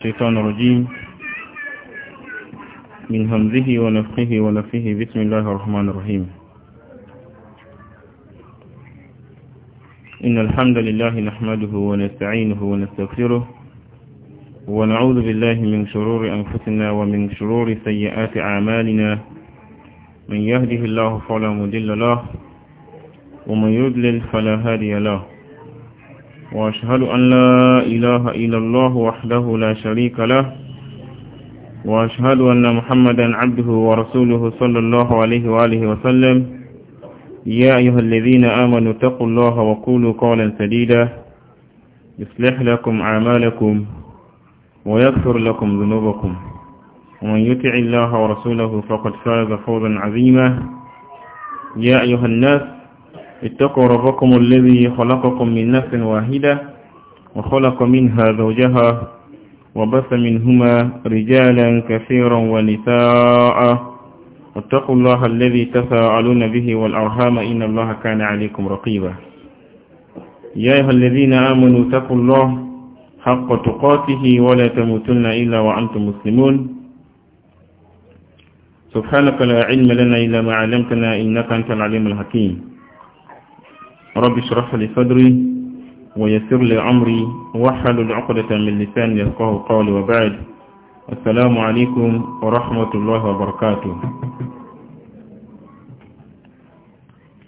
الشيطان الرجيم من همزه ونفخه ونفخه بسم الله الرحمن الرحيم إن الحمد لله نحمده ونستعينه ونستغفره ونعوذ بالله من شرور أنفسنا ومن شرور سيئات أعمالنا من يهده الله فلا مضل له ومن يضلل فلا هادي له وأشهد أن لا إله إلا الله وحده لا شريك له وأشهد أن محمدا عبده ورسوله صلى الله عليه وآله وسلم يا أيها الذين آمنوا اتقوا الله وقولوا قولا سديدا يصلح لكم أعمالكم ويغفر لكم ذنوبكم ومن يطع الله ورسوله فقد فاز فوزا عظيما يا أيها الناس اتقوا ربكم الذي خلقكم من نفس واحدة وخلق منها زوجها وبث منهما رجالا كثيرا ونساء واتقوا الله الذي تساءلون به والأرحام إن الله كان عليكم رقيبا يا أيها الذين آمنوا اتقوا الله حق تقاته ولا تموتن إلا وأنتم مسلمون سبحانك لا علم لنا إلا ما علمتنا إنك أنت العليم الحكيم رب اشرح لي صدري ويسر لي عمري واحلل عقدة من لساني يفقهوا قولي وبعد السلام عليكم ورحمة الله وبركاته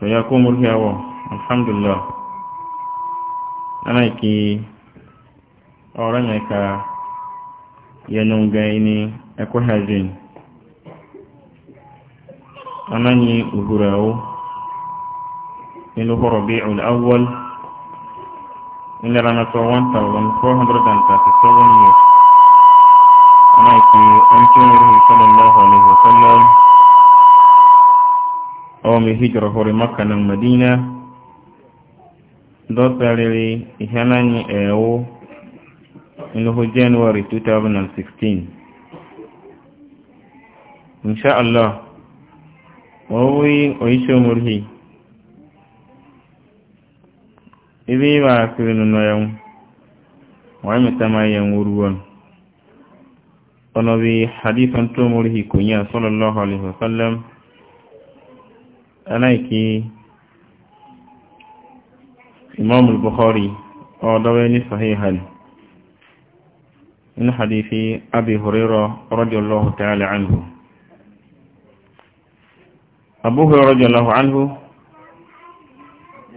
فياكم الهوى الحمد لله أنا كي يا نونجايني أكو هاجين أنا ني أهراو nínú kọ́ Rabi'ul Awwal nílẹ̀ ránátọ́ one thousand four hundred and thirty seven years ọ̀nà ìpè ẹnjẹ́rìí sallallahu alaihi wa sallam ọmọ hijira hori Makka na Madina dọ́tàrírí ìhánányí ẹ̀ẹ́wó nínú January 2016 insha Allah wọ́n wí oríṣẹ́ omorhi ibi ba kiri no noyam wa mi tama yan wuruwan ono bi hadithan to murihi kunya sallallahu alaihi wasallam anaiki imam al-bukhari o dawani sahihan in hadithi abi hurairah radiyallahu ta'ala anhu abu hurairah radiyallahu anhu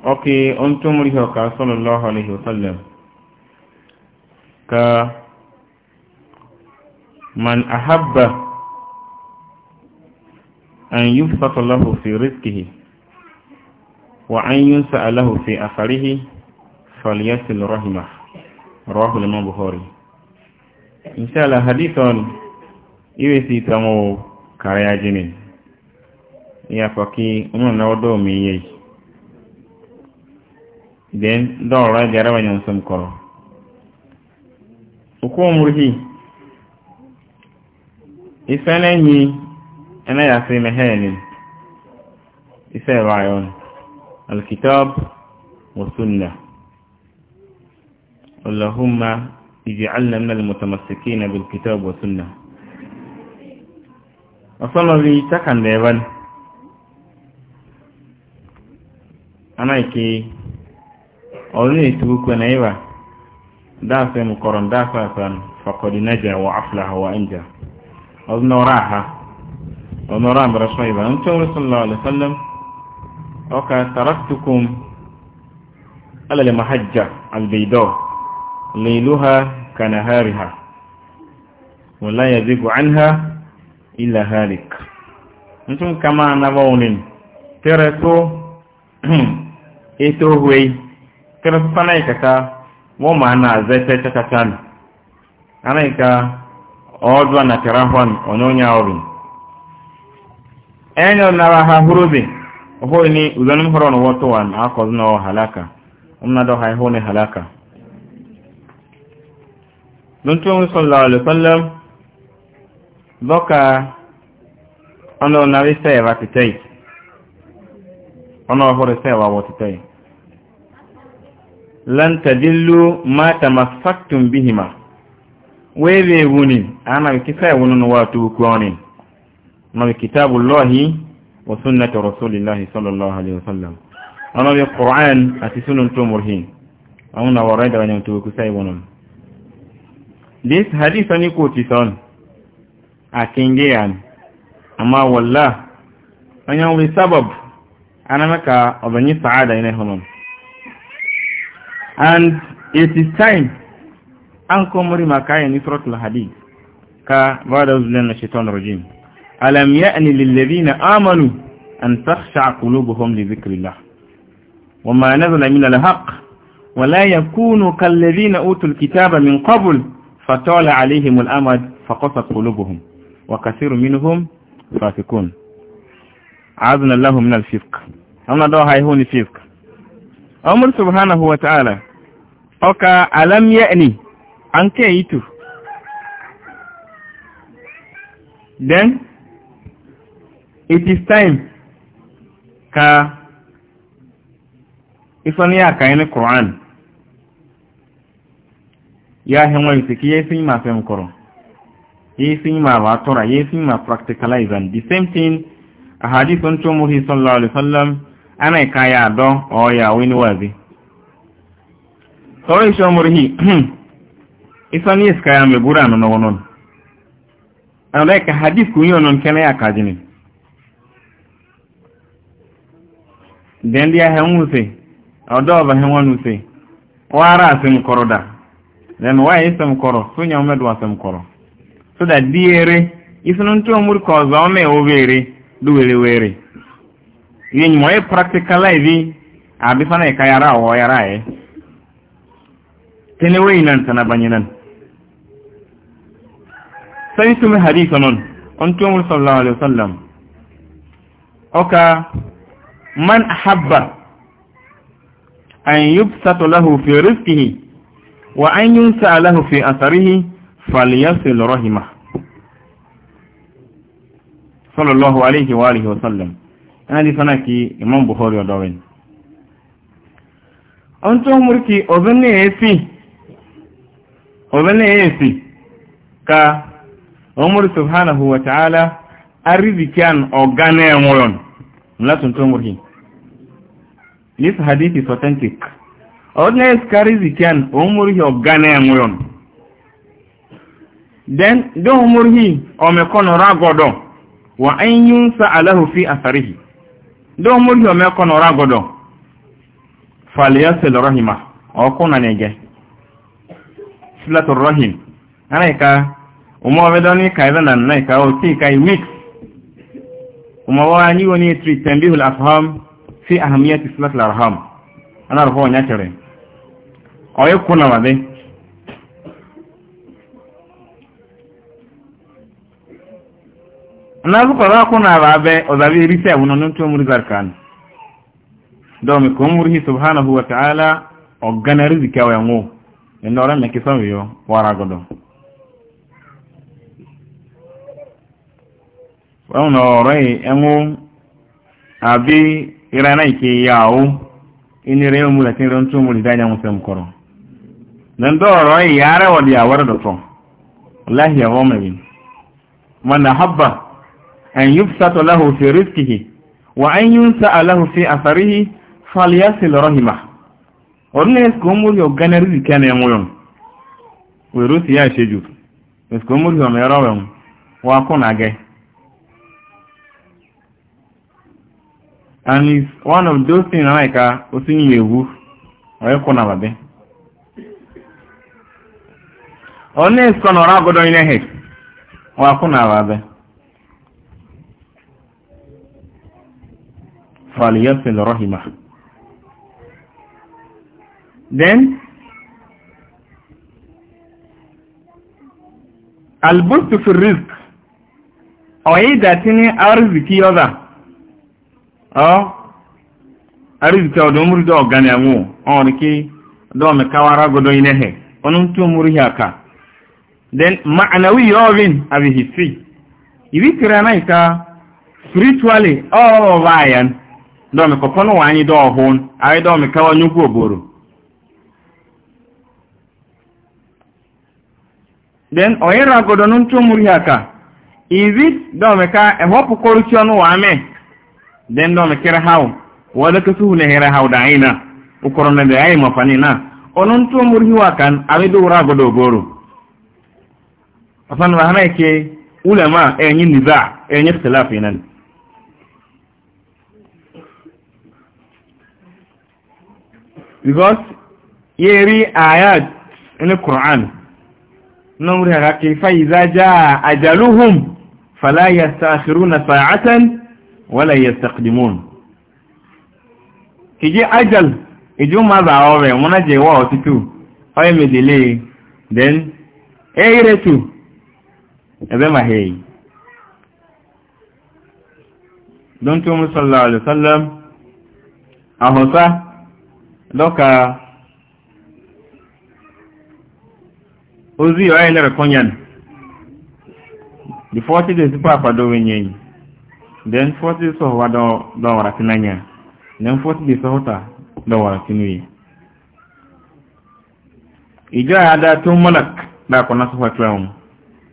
oke on tumuri hoka sallallahu alaihi wasallam ka man ahabba an yufsata lahu fi rizqihi wa an yunsa lahu fi atharihi falyasil rahimah rawahu al-imam bukhari inshallah hadithon iwe si tamo karaya jini ya faki umu na odo den dora jaraba nyon sun koro uko murhi isana ni ana ya sai mahani isa rayon alkitab wa sunna اللهم اجعلنا من المتمسكين بالكتاب والسنة وصلى لي تكن ديبان أنا كي أولي تبوكو نيبا دافع مقرن دافع فقد نجا وأفلح وأنجا أظن راحة أظن راحة برشايبا أنت الله عليه وسلم وكا تركتكم على المحجة البيضاء ليلها كنهارها ولا يزيغ عنها إلا هالك أنتم كما نبون تركوا إتوهوي kirista na ikaka wọ́n ma na zẹ́tẹ́ chachachan ana ika ọdụ na kirahwan onyonya ọrụ enyo nara ha hurubi ọhụrụ ni uzanin hụrụ na wọtụwan akọzụ na halaka ọmụnadọ ha ihu ne halaka nuntun sallallahu alaihi wasallam doka ono na wi sewa titai ono hore sewa lan tadillu ma tamassaktum bihima wewe wuni ana kifaya wunu watu kuoni ma kitabu llahi wa sunnati rasulillahi sallallahu alaihi wasallam ana bi qur'an ati sunan tumurhi auna waraida wanya mtu kusai wunu this hadith ni kuti son akingean ama wallah anya wi sabab ana maka obanyi saada ina honon and it is time an kumuri makaya ni suratul hadid ka bada zulan shaitan rajim alam ya'ni lil ladina amanu an takhsha qulubuhum li dhikrillah wama nazala min al haqq ولا يكونوا كالذين أوتوا الكتاب من قبل فطال عليهم الأمد فقصت قلوبهم وكثير منهم فاسقون عاذنا الله من الفسق أنا دعوة هاي هون الفسق Amur subhanahu wa ta'ala, ọka alam ya'ni an ke yi tu. Then, it is time ka ifan ya kayi ni Quran ya hinwa isiki ya fi ma fi nkoro, ya fi ma tura, ya fi ma practicalize the same thing a hadithun tumuhi sallallahu alaihi wasallam ana ka ya adọ o ya wani wazi sauran shi murhi isan ya mai gura na nawonon an da ka hadis kun yi onon ya kaji ne den ndị ahịa wuse o do ba hen won wuse wara sim koroda den wa isam so da diere isunun isonye mur ọzọ ọ yenye moye practical hivi abifana ikayara e o yara e tene wey nan sana banyinan sai sumi hadisa non on tumul sallallahu alaihi wasallam oka man ahabba an yubsatu lahu fi rizqihi wa an yunsa lahu fi atharihi falyasil rahimah sallallahu alaihi wa alihi wasallam hadi sana ki imam bukhari odowen on to murki obenne efi obenne efi ka umur subhanahu wa ta'ala arzikan ogane moyon latun to murki this hadith is authentic ordinary skarizikan umurhi ogane moyon then do umurhi o me kono ragodo wa an yunsa fi atharihi dɔw mo dɔ mɛ kɔnɔ ra gɔdɔ faliya sɛlɛ rahima ɔ ko na ne gɛ filatɔ rahim ana ka o ma bɛ dɔɔni ka ɛbɛ na na ka o ti ka i mix o ma wa ni wo ni tri tɛnbi hul afham fi ahamiyati filatɔ arham ana rɔfɔ o nya kɛrɛ ɔ ye ko na ma bɛ nazuka kuna babe ozabi irise abuno nuntu muri zarkan domi ko muri subhanahu wa ta'ala ogana riziki awe ngo enora me kisawi yo waragodo wano rai enwo abi irana ke yawo ini reyo mula tin ron muri danya musem koro nan do rai yara wadi awar do to wallahi ya gome bin man habba an yubsata lahu fi rizqihi wa an yunsa'a lahu fi atharihi falyasil rahimah orne ko muri o ganari kene ngoyon we rusi ya sheju ko muri o mero wen wa kuna ge and is one of those things like a osin yewu o kuna babe orne ko no godo ine he wa kuna babe فليصل رحمه then البسط في الرزق ọ̀yídà tí ní arzikí ọ́dà ọ́ arzikí ọ̀dọ̀ múrùdó ọ̀gánì àwọn ọ̀rìn kí dọ́ọ̀mì káwàrá gọdọ̀ inẹ́hẹ̀ ọ̀nà tí ó múrù hìaka then ma'anawi yọ́ọ̀vin àbí history ìwítìrá náà ita spiritually ọ̀rọ̀ báyàn dɔmi kɔpɔn wa anyi dɔɔ hon ayi dɔmi kawa nyuku oboro then ɔyɛ ragodo no ntu muri aka ivi dɔmi ka ɛhɔ pokoro kyɔ no wa ame then dɔmi kere haw wɔde kesu ne here haw da ayina ukoro ne de ayi mafani na ɔno ntu muri wa kan ayi do ragodo oboro afan wa hana ke ulama ɛnyi niza ɛnyi tilafi nan because yẹ rí ayat ní Qur'an náà rí ara kìfà ìzájá àjálúhùn fala yastakhiruna sa'atan wala yastaqdimun kìí ajal ìjú máa bà ọ̀rẹ̀ wọ́n náà jẹ́ wọ́ ọ̀títù ọ̀yẹ́ mẹ́dẹ̀lẹ́ then ẹ̀yẹ́rẹ́ tù ẹ̀bẹ́ máa hẹ́yì don tó mú sallallahu alaihi wasallam àhọ́sá lọ́ka ozi ya ile rekonyan di 40 days pa pa do wenyen then 40 so wa do do wara tinanya then 40 days so ta do wara tinuyi ija ada to malak da ko nasu fa klaum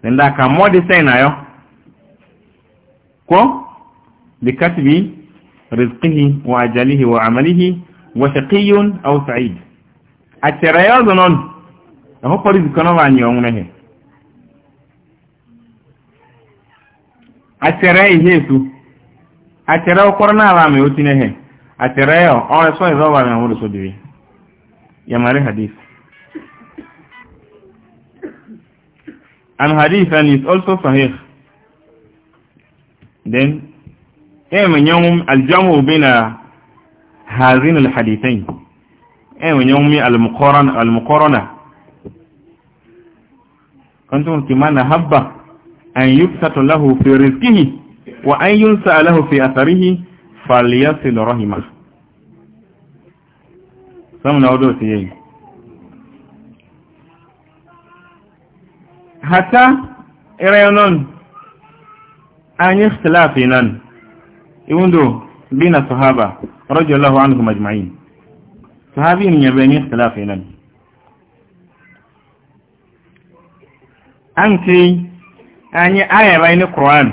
then da ka modi sai na yo ko bi katbi rizqihi wa ajalihi wa amalihi وشقي أو سعيد الترياض نون هو قريب كنا عن يومه التري هيتو التري قرنا رامي وتنه التري أو سوى ذوبا من هو سدوي يا ماري حديث and hadith and is also sahih then eh manyamum aljamu bina هذين الحديثين أي من يومي المقارنة, المقارنة أنتم كمان هبة أن يبسط له في رزقه وأن ينسى له في أثره فليصل رحمه سمنا ودوتي يجي حتى ارينون ان yi ikhtilafi بين الصحابة رضي الله عنهم أجمعين فهذه من يبين اختلاف أنت أني آية بين القرآن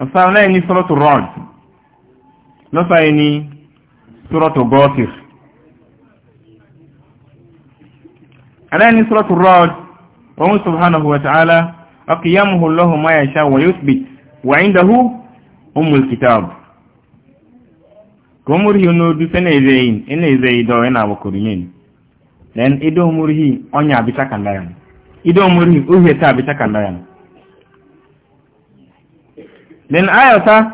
أصلا لأني سورة الرعد لأني سورة غافر ألاني سورة الرعد وهو سبحانه وتعالى أقيامه الله ما يشاء ويثبت وعنده أم الكتاب omurihi n'odufe na-ezeghi na-ezeghi dọọ na awakurumin then ido omurihi onya abita kandayan ido omurihi uhie ta abita kandayan then ayata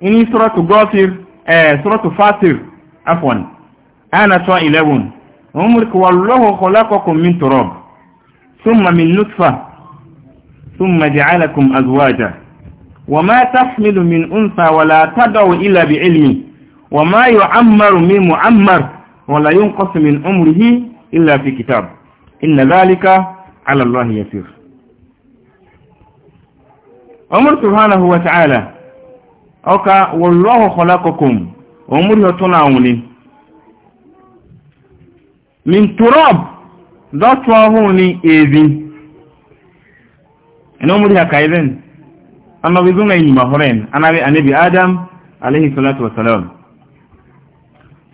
ini suratu gofir eh suratu fatir afwan ana to 11 umurku wallahu khalaqakum min turab thumma min nutfa thumma ja'alakum azwaja وما تحمل من أنثى ولا تدع إلا بعلمه وما يعمر من معمر ولا ينقص من عمره إلا في كتاب إن ذلك على الله يسير عمر سبحانه وتعالى أوكا والله خلقكم عمر يتنعوني من تراب ذات وهوني إذن إن عمر انا أما بذنين مهرين أنا بأنبي آدم عليه الصلاة والسلام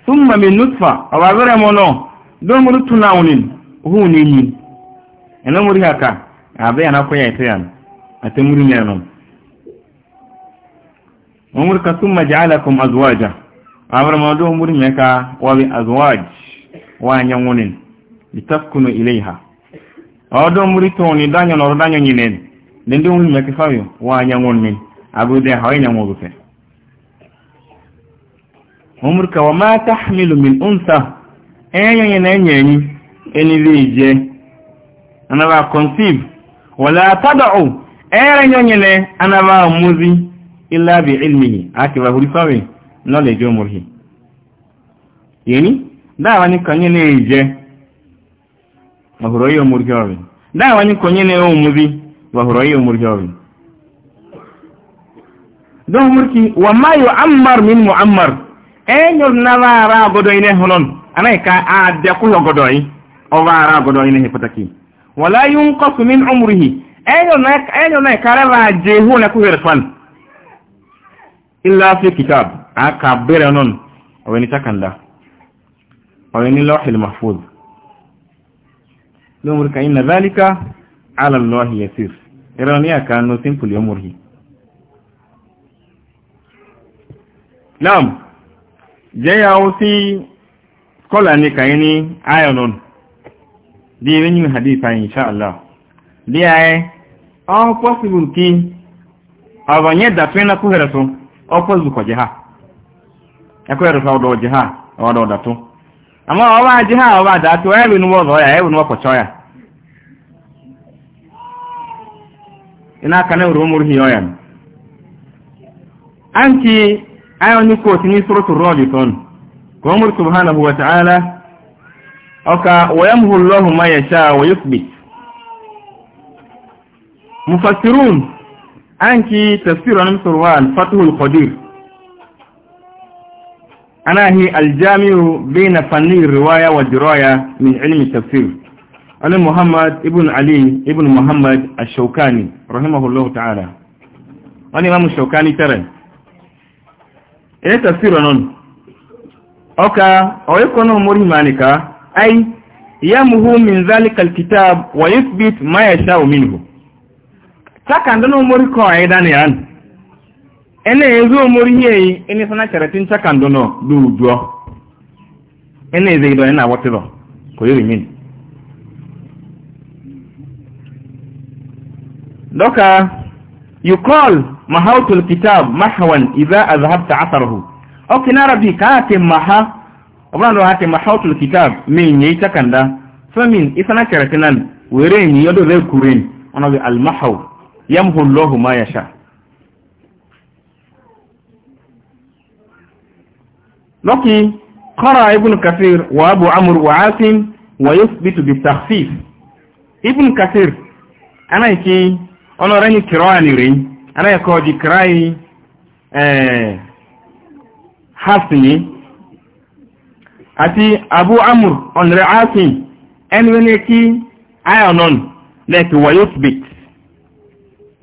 thumma min nutfa awagare mono don muru tunawunin hu ne yi ina muri haka abe yana koya ita yan a ta muri ne nan umur ka thumma ja'alakum azwaja awar ma don muri me ka wa bi azwaj wa nyan wunin litaskunu ilaiha aw don muri to ni danyo no danyo nyinen abu de hawaina mo umurka wa ma tahmilu min unsa eyanyen na enyenyi eniwe ije anaba conceive wala tad'u eyanyenyele anaba muzi illa bi ilmihi akiba hulifawe knowledge umurhi yeni dawa ni kanyele ije wahuro hiyo umurhi wawe dawa ni konyele umuzi wahuro hiyo umurhi wawe don murki wa ma yu'ammar enyol navara godoyne honon anayka a dekuyo godoy o vara godoyne hepataki wala yunqasu min umrihi enyol nay kareva jehu na kuhere fan illa fi kitab aka bere non oweni takanda oweni lawhil mahfuz lomurka inna dhalika ala allahi yasir irania kanu simple yomurhi Naam jayawo si kola ni kan ni ayonon di haditha insha Allah di ay o possible ki awanye da pena ku heraso o possible ko jeha e ko heraso do jeha da to ama bụ wa jeha ya e ayọ́ ní kò tí ní sọ́rọ̀tù rọ́dìtọ́n kọmùr subhanahu wa ta'ala ọka wayamhullahu ma yasha wa yuthbit mufassirun an ki tafsir an surwan fathul qadir ana hi aljami'u bayna fanni riwaya wa diraya min ilmi tafsir ali muhammad ibn ali ibn muhammad ash-shawkani rahimahullahu ta'ala wani imam ash-shawkani tare ene tafsiro non oka oyekono mori manika ai yamuhu min dhalika alkitab wa yuthbit ma yashau minhu taka ndono mori ko aidan yan ene ezo mori yeyi ene sana charatin taka ndono dujo ene ezeido ena wotiro ko yiri min doka you call محوت الكتاب محوا إذا أذهبت عثره أو كنا ربي كاتم محا وبنو هاتم محوت الكتاب من يتكن ده فمن إثنى كرتنان ورين يدو ذي كورين ونبي المحو يمحو الله ما يشاء لكن قرأ ابن كثير وأبو عمرو وعاصم ويثبت بالتخفيف ابن كثير أنا يكي أنا رأني anayekodi kirai eh, hasini àti abu amur ọ̀nrẹ̀ asin ẹni wọ́n ní kí ionon lẹ́kì wayotbit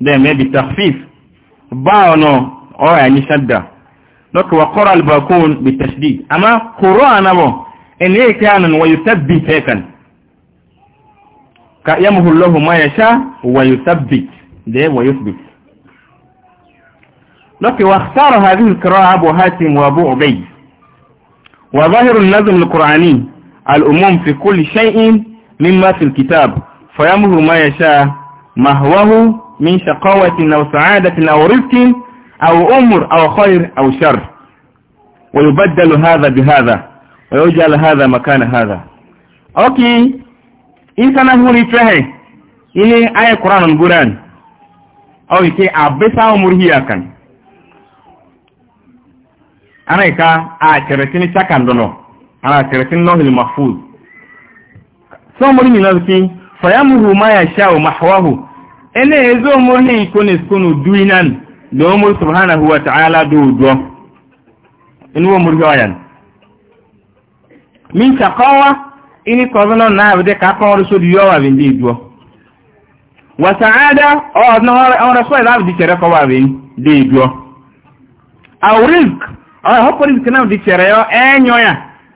dẹ̀mẹ́bi tafif bá ọ̀nà ọ̀rẹ̀ ní ṣadda lọ́kì wà kọ́rọ̀ albakun bi tashdi amma kòrò ànàbọ̀ ẹni èkè ànàn wayotabbit ẹkan ka yamuhullahu ma ya sha wayotabbit dẹ̀ wayotbit لكن واختار هذه القراءة أبو هاتم وأبو عبيد وظاهر النظم القرآني الأموم في كل شيء مما في الكتاب فيمر ما يشاء مهوه من شقاوة أو سعادة أو رزق أو أمر أو خير أو شر ويبدل هذا بهذا ويجعل هذا مكان هذا أوكي إنسان هو رفعه إلي آية قرآن القرآن أو يكي أبسا أمر هي ana ka a keretin Chaka ndono ana keretin nohil mahfuz so muri ni nazuki fayamuhu ma yashau mahwahu ene ezo muri ikone skunu duinan do mu subhanahu wa ta'ala do do in wo muri wayan min shaqawa ini kozono na abde ka ko ru so diyo wa bindi do wa sa'ada o no ora so ila abdi kere ko wa bindi do aw rizq ọ họpụrụ nke na dị chere ya enyo ya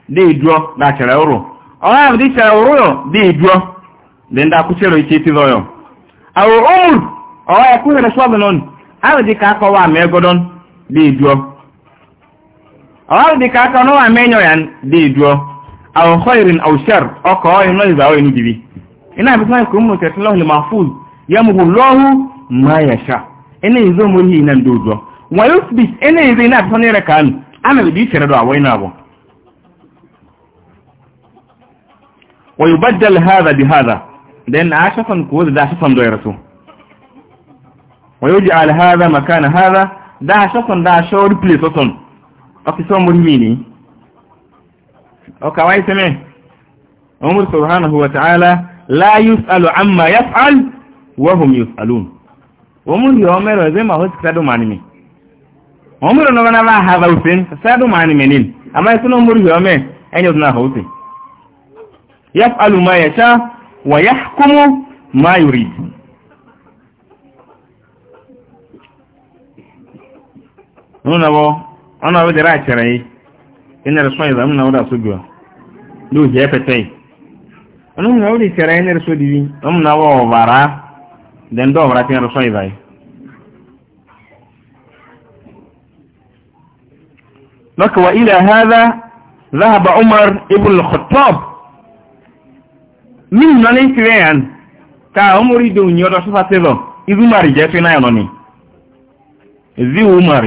na iduo da chere ụrụ ọ ya dị chere ụrụ ya dị iduo dị ndị akwụchere iche iti zọ ya awụ ụmụrụ ọ ya kwụnyere swabụ nọ ahụ dị ka wa ama egodon dị iduo ọ dị ka aka n'ụwa ama enyo ya dị iduo awụ hoirin aushar ọkọ ọ ịnọ ịza ọyị n'ubibi ina abịa sanye ka ụmụ nke tụlọhụ mahfuz ya mụhụ lọhụ ma ya sha ina izo mụrụ ihe ina ndị ụjọ wa yusbit ene zai na ta ne rakan ana da bishira da wai na ba wa yubaddal hadha bi hadha dan ashafan ko da ashafan da yarsu wa yuj'al hadha makana hadha da ashafan da ashawar place oton ofisan murmi ne o kawai same umar subhanahu wa ta'ala la yus'alu ma hosi kadu omuro no bana ba hava usen sadu mani menin ama isuno muri yome enyo tuna hausi yaf'alu ma yasha wa yahkumu ma yurid nuna bo ona wo dira chere ina rasu ya zamuna wada sugwa do je petai ona na wodi chere ina rasu divi ona wo bara den do bara tin لك وإلى هذا ذهب عمر ابن الخطاب من نليس ريان كعمر دون يرى شفاته إذ عمر جاتنا ينوني إذ عمر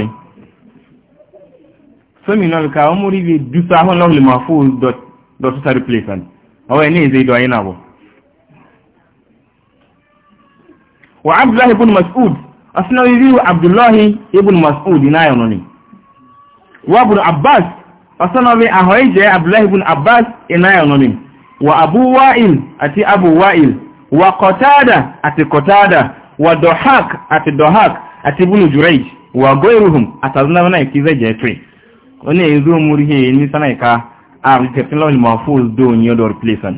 seminal ka omori bi dusa ahun lọ le mafu dot dot sa replace an awa ni ze do ayina bo wa abdullah ibn mas'ud asna wi abdullah ibn mas'ud na yononi wa ibn abbas ọ̀sánàwé àhọ́í jẹ́ abdullahi ibn abbas iná ẹ̀rọ̀mí wa abu wa'il àti abu wa'il wa kọtáàdà àti kọtáàdà wa dohak àti dohak àti ibn jurayj wa goiruhum àtàzúnáwọ́nà ìkízẹ́ jẹ́ tre wọ́n ni èzú omúrí hẹ́ ní sánáìka àrùn tẹ̀sílọ́wọ́n mọ̀fúz dó ní ọdọ̀ replacement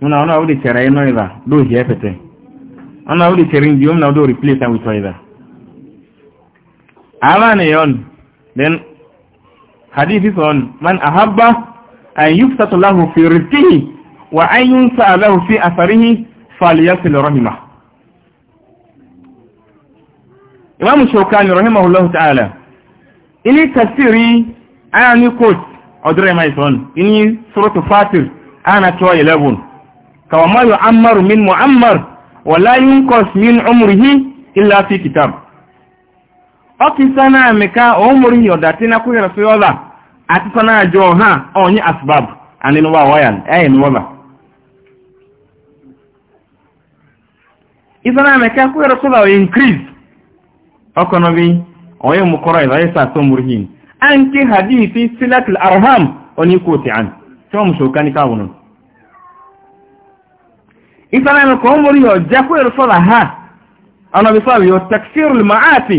muna wana wuli tẹ̀rẹ̀ inú ìdá ló jẹ́ pẹ̀tẹ̀ wana tẹ̀rẹ̀ ìdí omuna wuli replacement with ọ̀ìdá amana yon den hadithi son man ahabba an yufsatu lahu fi rizqihi wa an yunsa lahu fi atharihi falyasil rahimah imam shawkani rahimahullahu ta'ala ini tafsiri aya ni kot odre mai son ini suratu fatir ana to 11 kawama yu'ammaru min mu'ammar wa la yunqas min umrihi illa fi kitab ọkì sana amịka omori yọda tina kuyere fi ọla ati sana ajọ ha onye asbab ani nuwa wayan eyi nuwa isana amịka kuyere fi ọla increase ọkọnọbi onye mukọrọ ịza ịsa atọ murhin an ki hadithi silatul arham oni koti an tí wọ́n mú ṣòkan ní káwọn náà isana amịka omori yọja ha ọ̀nà bí sọ́ọ̀bì yọ takfirul ma'ati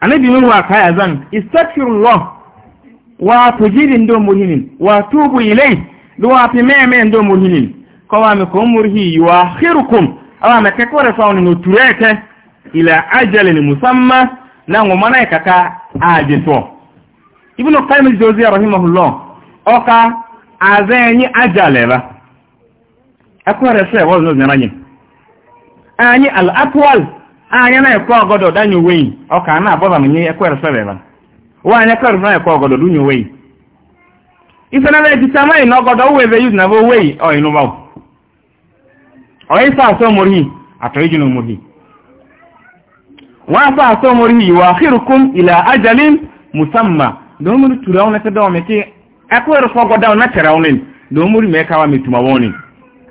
annabi min wa kaya zan istaghfirullah wa tujiri ndo muhinin wa tubu ilay do wa fi meme ndo muhinin ko wa mi ko murhi yuakhirukum awa me ke ko re sawni no turete ila ajalin musamma na ngo mana kaka aje to ibnu qayyim al-jawziyya rahimahullah oka azenyi ajalela akwara se wozo nyanyi anyi al-atwal anya ah, na-ekwe ọgọdọ danye onwe yi ọka na abọba menye ekwere sebeba nwaanyị kwere na ekwe ọgọdọ dunye onwe yi ife na na-ejita maghị na ọgọdọ uwe ebe yuz na bụ onwe yi ọyịnụgbaw ọyịsa asọ mori atọ iji na mori wọ́n fà sọ mori ìwà àkírùkún ilẹ̀ ajalin musamman don mori tura wọn ta dawa mẹ́kí ẹkwẹ́rẹ̀ fọ́gọ́dá wọn na mee wọn don mori mẹ́kawa mai tuma wọn ni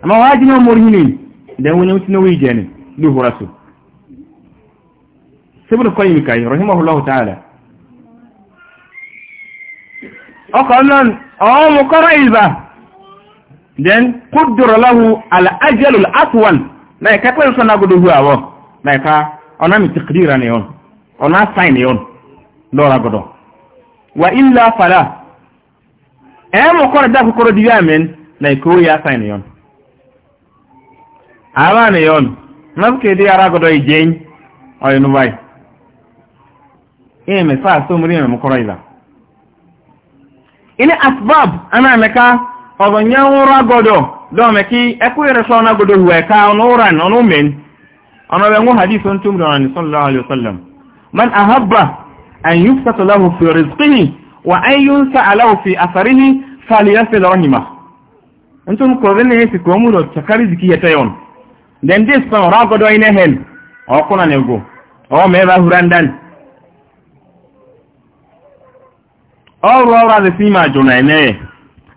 amma wájí na mori ne da wani wuce na wíjẹ ne duk horasu síbùn kọ́ yìí kàyí rahimahullahu ta'ala ọkọ̀ náà ọwọ́ mú kọ́rọ̀ ìlbà den kúdùrọ̀ lọ́wọ́ al'ajẹ́lù al'atuwan na ẹ̀ka pẹ̀lú sọ́nà gudu hu àwọ̀ na ẹ̀ka ọ̀nà mi tìkìdìrà ni yọn ọ̀nà sáì ni yọn lọ́ra gudu wa illa fala ẹ̀ mú kọ́rọ̀ dákú kọ́rọ̀ dìbí àmín na ẹ̀ka ó yá sáì ni yọn àwa ni yọn nọ́ọ̀kì dí ara gudu ìjẹ́yìn ọ̀yẹ̀nu báyìí ime saa so muri na mukoraiza ini asbab ana meka ogo nyawura godo do meki ekwere so na godo huwe ka onura na onumen ono wengu hadithu ntum do ni sallallahu alaihi wasallam man ahabba an yufsata lahu fi rizqihi wa an yunsa lahu fi atharihi falyasil rahimah ntum ko rene hesi ko mu chakari ziki yata then this so ragodo ine hen okuna nego o me hurandan all over the same ajuna eneye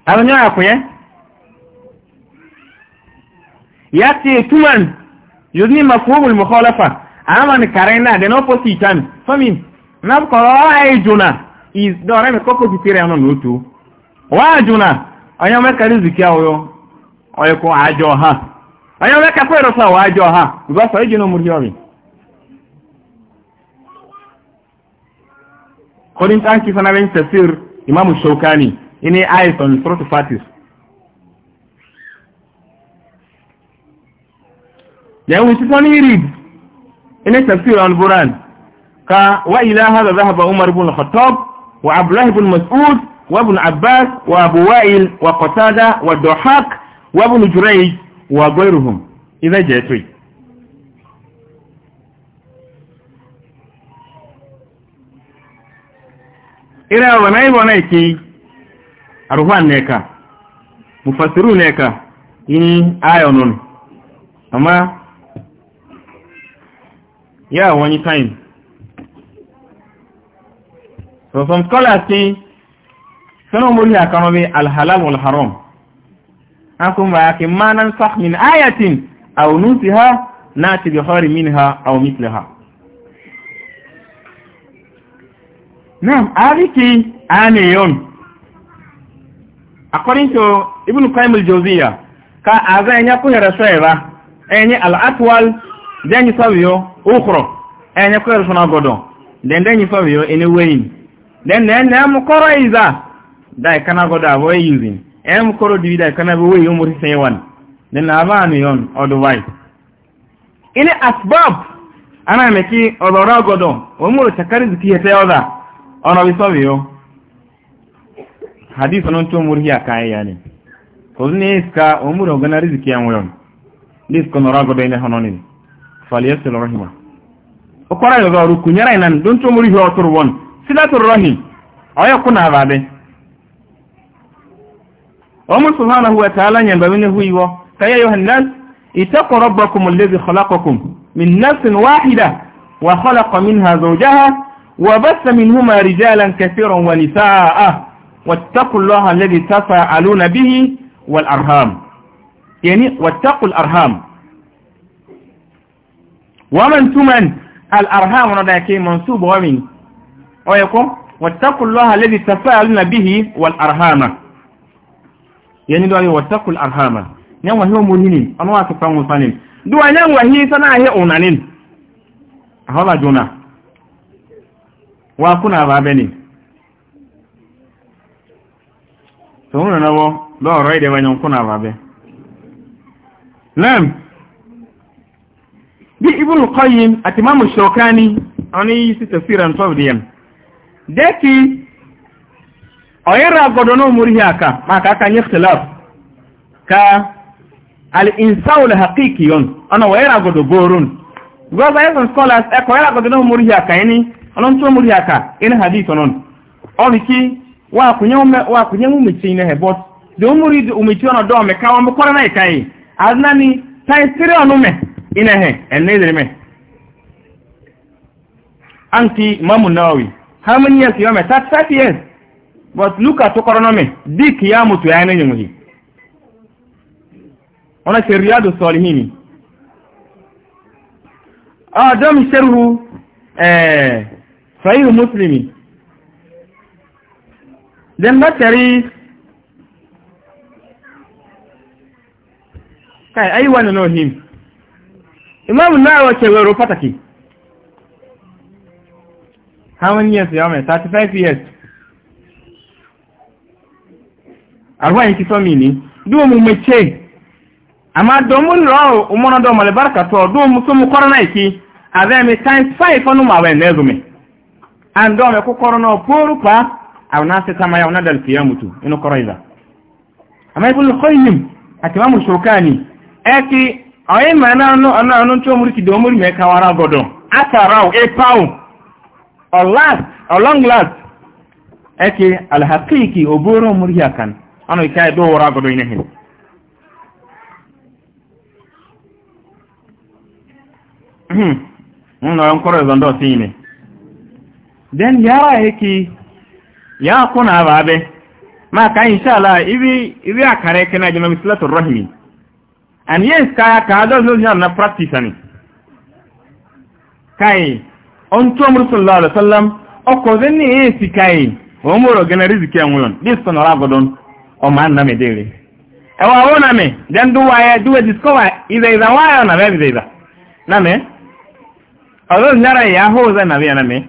abinyo akunye yati tuman yuzni mafhumul mukhalafa ama ni karena den opposite an fami na ko ajuna is do re me koko kitire ano nutu wa ajuna anya me kari zikia oyo oyo ko ajo ha anya me ka kwero sa wa ajo ha because ajuna muriori kodin tanki sanaren tafsir imamu shaukani ini ayat on surat fatir yawon shi tani read ini tafsir on buran ka wa ila hada zahaba umar ibn khattab wa abdullah ibn mas'ud wa ibn abbas wa abu wa'il wa qatada wa dhahak wa ibn jurayj wa ghayruhum idha jaytui ire wana hivyo naiki aruhan neka mufasiru neka in ayo nun amma yeah one time so some scholars say sanu muri akano bi al halal wal haram akum ba yake manan sakh min ayatin aw nusiha nati bi khairin minha aw mithlaha Naam, ariki aniyon. According to Ibn Qayyim al-Jawziyya, ka azanya kuhera shweba, enye al-atwal denyi sabiyo ukhro, enye kuhera shuna godo, den denyi sabiyo ene weyin. Den den ne mukoro iza, dai kana goda avo using. En mukoro divi dai kana bo weyi umuri sewan. Den na ava aniyon otherwise. Ine asbab ana meki odora godo, umuru chakari zikiyete oda ona bisabio hadithu non to murhiya kai yani kozni iska umuro gana riziki yanwon disko no rago bene hononi falyasil rahima okora yo zaru kunyara inan don to muri ho turwon silatul rahim aya kuna babe ومن سبحانه وتعالى ينبغي هو فيا أيها الناس اتقوا ربكم الذي خلقكم من نفس واحدة وخلق منها زوجها وبث منهما رجالا كثيرا ونساء واتقوا الله الذي تفاعلون به والأرهام يعني واتقوا الأرهام ومن تمن الأرهام ردك منصوب ومن ويقول واتقوا الله الذي تفاعلون به والأرهام يعني دعوا واتقوا الأرهام نعم وهو مهنين أنواع تفاهم صانين دعوا نعم وهي سنعه أونانين هذا جناه wakuna ba bane to mun nawo lo roi de banyan kuna ba be nam bi ibnu qayyim atimamu shawkani oni si tafsiran to diyan deki oyera godono muri haka maka kan ikhtilaf ka al insau al haqiqiyun ana wayra godogorun gwa ba yasan scholars e ko yara godono muri haka ni onon to muri aka in hadith onon oniki wa kunyume wa kunyume chine he but de umuri de umichi ona do me kawo me kora na kai aznani tai sire onume ina he enne me anti imam nawawi how many years you are 35 years but look at economy dik ya mutu ya nenye muhi ona ke riyadu salihini adam sharhu eh sahihu muslimi dan bakari kai ai wannan no him imam nawa ke wero pataki how many years you are 35 years arwa yiki so mini duwo mu meche ama do mun ro umono do male barka to duwo mu so mu korona yiki avemi times 5 onu ma we ando me ku korono poru pa aw na se sama yaw na dal kiyamutu ino koroiza amma ibul qayyim atimamu shukani eki ayi mana no ana no to muri ki do e muri me kawara godo atarau e pau olas along last eki al haqiqi oboro muri akan ano ikai do wara godo ine hin Hmm, hmm nuna yankoro zondo sini. then yara yake ya kuna babe ma ka insha Allah ibi ibi akare kana jama mislatul rahimi and yes ka ka da zo na practice ani kai on to amru sallallahu alaihi wasallam o ko zenni e si kai o moro gana riziki an won this on ra godon o man na me dele e wa wona me then do why do discover either is a why on a na me although nyara ya ho za na me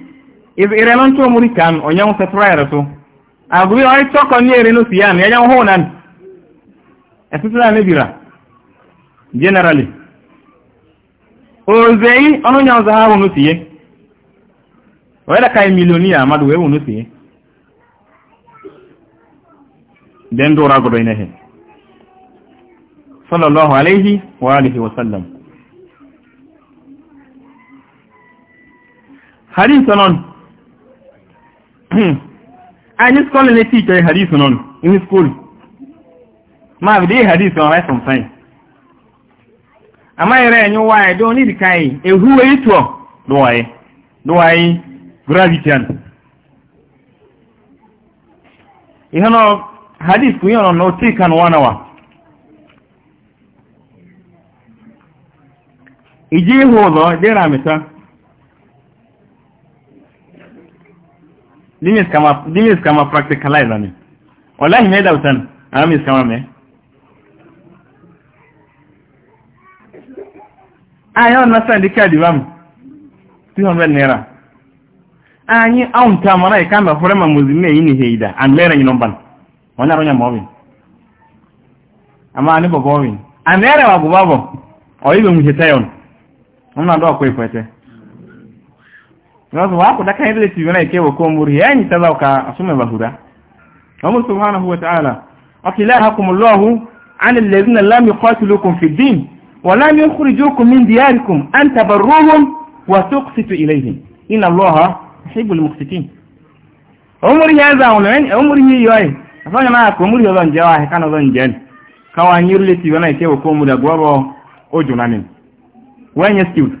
irenon to muri kan onyan se trayra to agwi ay to kon ni ereno siyan ya nyaw honan esitla ne bira jenerali. ozei onu nyaw zahabu no siye milioni kai milionia madu we no siye den dora godo gụrụ he sallallahu alaihi wa alihi wa sallam hadith a ní skọ́lù ní tíjọ ìhàdìsù náà ní skọ́lù máa bìdí ìhàdìsù ọ̀rọ̀ ẹ̀sùn fẹ́yìn àmá ìrẹ́ ẹ̀yìn wá ẹ̀dọ́ nídìíká yìí ehu ètò lọ́wọ́yé lọ́wọ́yé gravitian ìhànà hadìsù yìí ọ̀nà tí kan wọ́n náà ìjí ihu ụzọ dịra mịta Dimi is kama practicalize ani. Wallahi me da utan, ami is kama me. I understand the card ibam. 200 naira. Anyi ah, aun ta mara e kamba forema muzime yini heida, anlera ni nomban. Wana ronya mawin. Ama ani bobowin. Anlera wa bubabo. Oyibe mshetayon. Mwana doa kwa ifuete nazo wako dakaendele tiyona ikewa ko muri yani tazawka asume bahura Allah subhanahu wa ta'ala akilahakum Allah عن الذين لم يقاتلوكم في الدين ولم يخرجوكم من دياركم أن تبروهم وتقسط إليهم إن الله يحب المقسطين عمره هذا عنوان عمره يوي أفضل معك عمره ظن جواه كان ظن جن كوان يرلتي ونأتي وكوم لقوابه أجنان وين يستيوز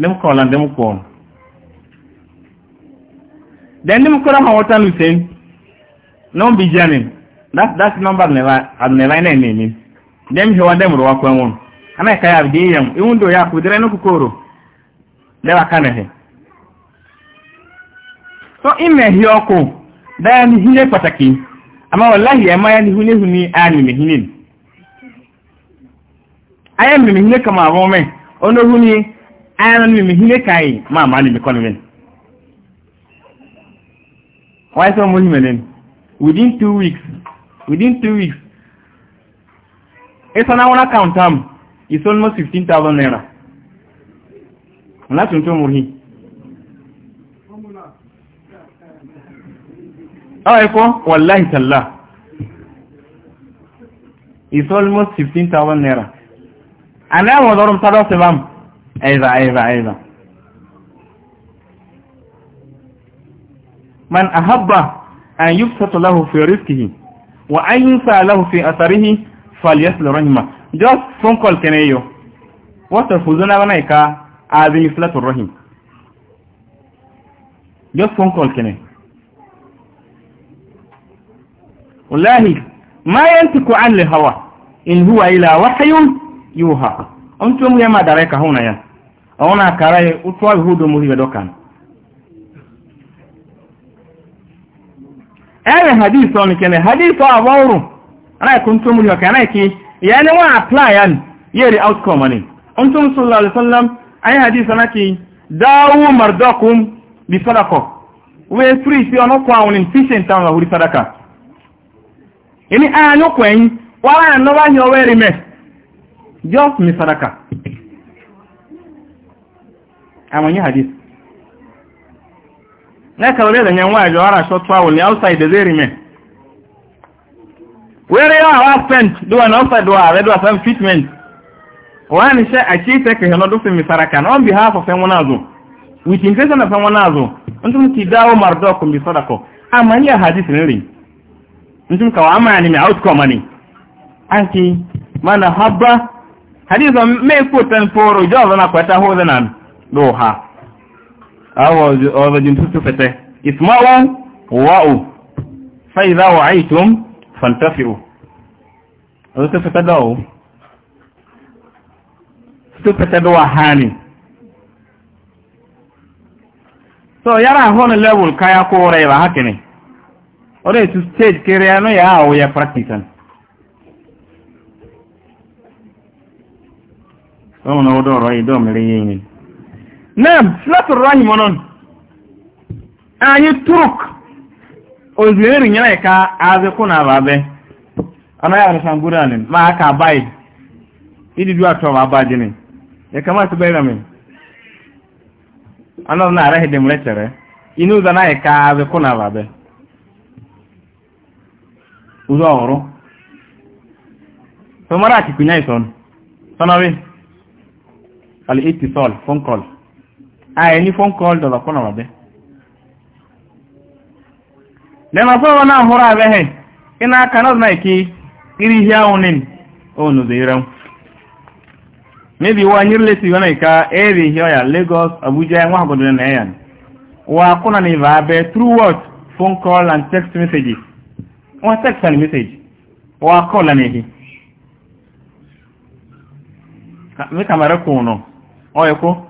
dem kolan dem ko then dem ko wata lu sen bi that that number na ni dem ana abdi yam ya no de wa he so hi da ni pataki ama wallahi ya maya ni hune huni ani ayam kama ono huni ayan mi mi hine kai ma ma ni mi kono men why so much himelen within 2 weeks within 2 weeks esa na wona count am um, is almost 15000 naira na tun to murhi awa ko wallahi talla It's almost fifteen thousand naira And I wa dorum tado sebam أيضا أيضا أيضا من أحب أن يفسط له في رزقه وأن ينسى له في أثره فليصل رحمة جوز فنقل كنيو وترفوزنا بنايكا آذي مثلة الرحيم جوز فنقل كني والله ما ينتك عن الهوى إن هو إلى وحي يوها أنتم يا ما دريك هنا يعني ona akaraye utwa bihudo muri bedokan. ewe hadith on kene hadisi awawru ana kuntum muri kana ki yani wa apply an yeri outcome ani antum sallallahu alaihi wasallam ay hadisi anaki dawu mardakum bi sadaqa we free si ono kwa unin fishing town wa huri sadaqa yani anyo kwen wala no wa nyoweri me just mi sadaqa amma yi hadis na kalbe da yanwa jawara short foul ne outside da zai remain where you are spent do an outside do are do treatment one she achi take he no do fi misarakan on behalf of someone azu with intention of someone azu antum tidao mardoko bi sadako amma yi hadis ne ri antum ka wa amma ni mi outcome ni anti mana habba hadizo me kutan foro jawana kwata hodanan ɗoha awon jinsu fete isma'u wa'u fai za wa aitun fantafi'u a zuta fete da o su fete da wa hali so yara hona level kaya ko rai ba haka ne wadda su stage kere ya no ya awo ya practical ọmọ na ọdọ ọ̀rọ̀ ìdọ́ mẹ́rin yìí naam silatu rahim onon anyi turuk ozuere nyere ka azi kuna babe ana ya rasan guranin ma aka bai idi duwa to ma baje ne ya kamata bai ramin ana na rahe dem lecture inu da na ka azi kuna babe uzo oro to mara ki kunyai son sanawe al ittisal phone call àìní phone call dọ̀rọ̀ kọ́nà wà bẹ́ lẹ́nà fún náà hụrụ abẹ́hẹ̀ iná aka náà náà iri ihe ahụ ní ọnụ zèrèm mebi wa nyiri lesi wana ika eri ihe Lagos Abuja nwa agbọdọ na ya wa kuna na abe through word phone call and text message? wa text and message wa call na ehi mi kamara kunu ọyọkọ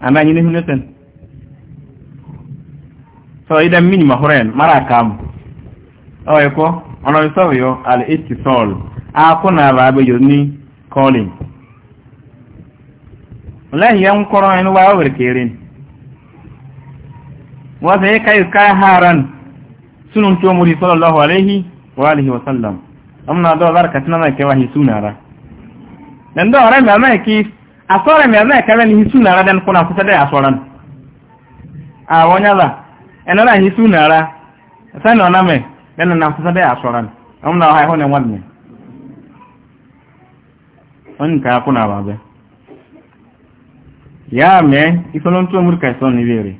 anda ñini hune sen so idan minima huren mara kam oye oh, ko ono sawyo al ittisol a kuna babe yoni calling wallahi yan koro en wa wer kerin wa sai kai kai haran sunun to muri sallallahu alaihi wa alihi wa sallam amna do zarka tunana kai wahi sunara dan do ran ma ki asore mi ana kabe ni hisu nara den kuna kusa da asoran a wonya ba ena na hisu nara sana ona me den na kusa da asoran amna ha ho ne wanne on ka kuna ba be ya me isolon to murka son ni bere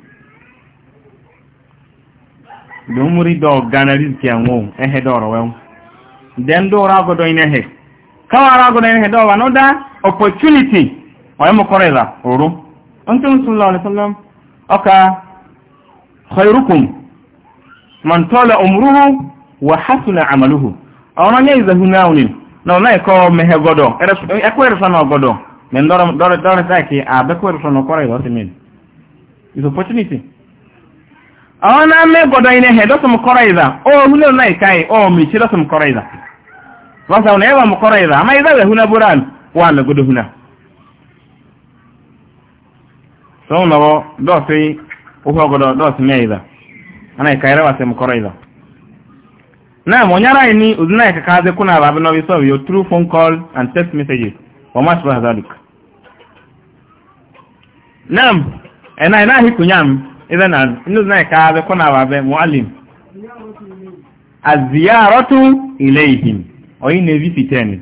do muri do ganari ti anwo ehe do ro we den do ra go do ine he kawara go do ine he do wa no da opportunity ọ̀yẹ́mọ̀kọ́rọ̀ ìlà òru ọ̀ntí mùsùlùmí ọ̀lẹ́sọ́lọ́m ọkà khairukum man tọ́lá òmùrúhù wà hásùnà àmàlùhù ọ̀rọ̀ ní ìzẹ̀hù náà ní náà ẹ̀kọ́ mẹ́hẹ gọ́dọ̀ ẹkọ́ ẹ̀rẹ́sọ́ náà gọ́dọ̀ mẹ́ dọ́rẹ́ sáàkì àbẹ́kọ́ ẹ̀rẹ́sọ́ náà kọ́rọ̀ ìlọ́sí mi is opportunity àwọn náà mẹ́ gọ́dọ̀ iná hẹ dọ́sùn kọ́rọ̀ ìzà ó húlẹ̀ náà ìkáyì ó mìíṣẹ́ dọ́sùn kọ́rọ̀ ìzà wọ́n sàwọn ẹ̀wà mọ́kọ́rọ̀ ìzà àmà ìzà ẹ̀hùnà búrán wà mẹ́gọ́dọ̀ hùnà sababna bo dhoosay ufogodo dhoosmee ida anay kayrabase mukoro ida naam wanyaraini udhinaye kakaze kuna ababe nobisobyo true phone call and text messages wama shabaha dhalika naam ena inahi kunyam idhan udhinaye kakaze kuna ababe muallim aziyaratu ilayhim oyine visiteni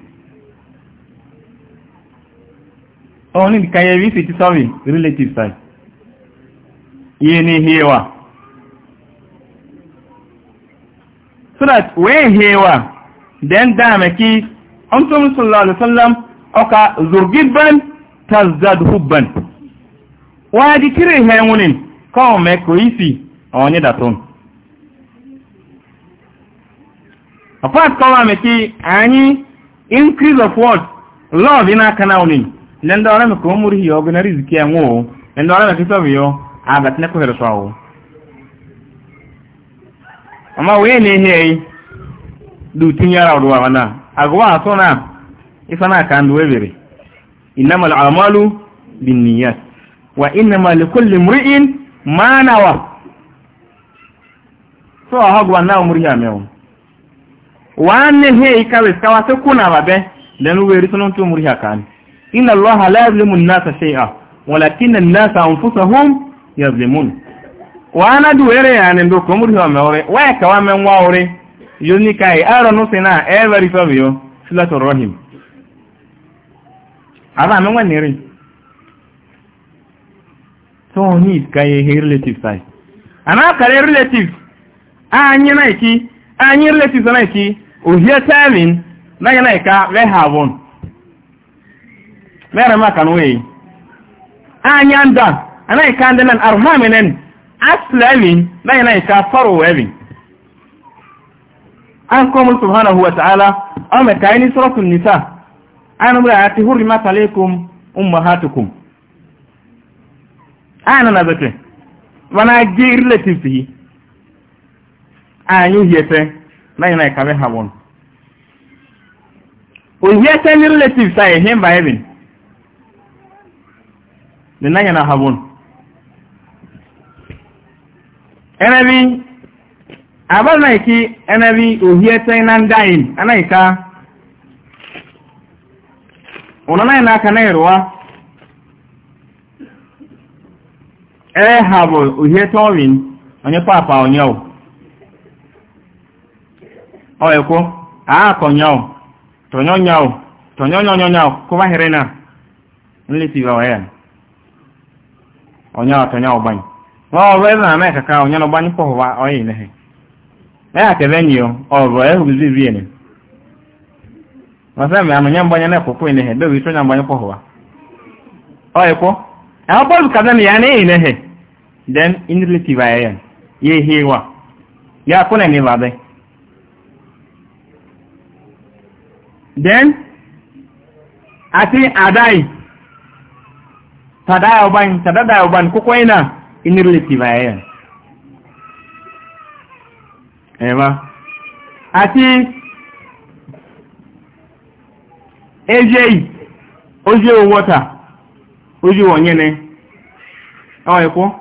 òun ní kàyẹ rísì ti sọ́rì relative side iye ni ihe so that wẹ́n hewa, then dáàmẹ̀ kí ọmọ tó sallallahu alaihi wasallam ọka zurgibban tazdad hubban wá di kiri ihe nwunin kọ́ mẹ́kọ̀ isi ọ̀nyẹ́ dàtún apart kọwa mẹ́kí anyị increase of what love in aka na nenda wana mikomuri hiyo gina riziki ya nguo nenda wana mikisabu hiyo aga tine kuhele swawo ama wene hei du tinyara uduwa wana agwa asona isana kandu webiri inama al'amalu bin niyat wa inama likulli mri'in ma nawa so ahogwa na muri ya mewo wane hei kawe kawa sekuna babe lenu weri sonon tu muri ya kani inna Allaha la yazlimu an-nasa shay'a walakinna an-nasa anfusahum yazlimun wana duwere yani ndo komuri wa meore weka wa menwa ore yoni kai ara no sina every fabio silatu rahim aba menwa niri so ni kai relative sai ana kare relative anyi na iki anyi relative na iki ohia telling na yana ka we have one mere makan wey anyanda anai kandanan arhaminen aslami dai nai ka faru webi an komu subhanahu wa ta'ala amma kaini suratul nisa an murati hurrimat alaykum ummahatukum ana na bete wana ji relatives anyu yete nai nai ka be hawon o yete ni relatives ai hemba heaven da nan yana habun. enebi abal na iki enebi ohie ta ina ndain anaika onana ina aka na irwa ee ha bụ ohie ta orin onye papa onye ọ ekwu a akọnyao tonyonyao tonyonyonyonyao kuba hirena nlisi bawa ya onyaa tonya obanyi waoba eza na mekaka onya nobanyi pohoba oyinehe eyakebenyiyo ovo ehubizibyene basembe ano nyambanya nekukuinehe debito nyambanya pohoba oyeko ababozi kazani yani inehe then in relative ayeyon yehiwa yakune nibabe then ati adai ta tadayo ban tadadayo ban ko koina inirliti baye ewa ati eje oje water oje wonyene awe ko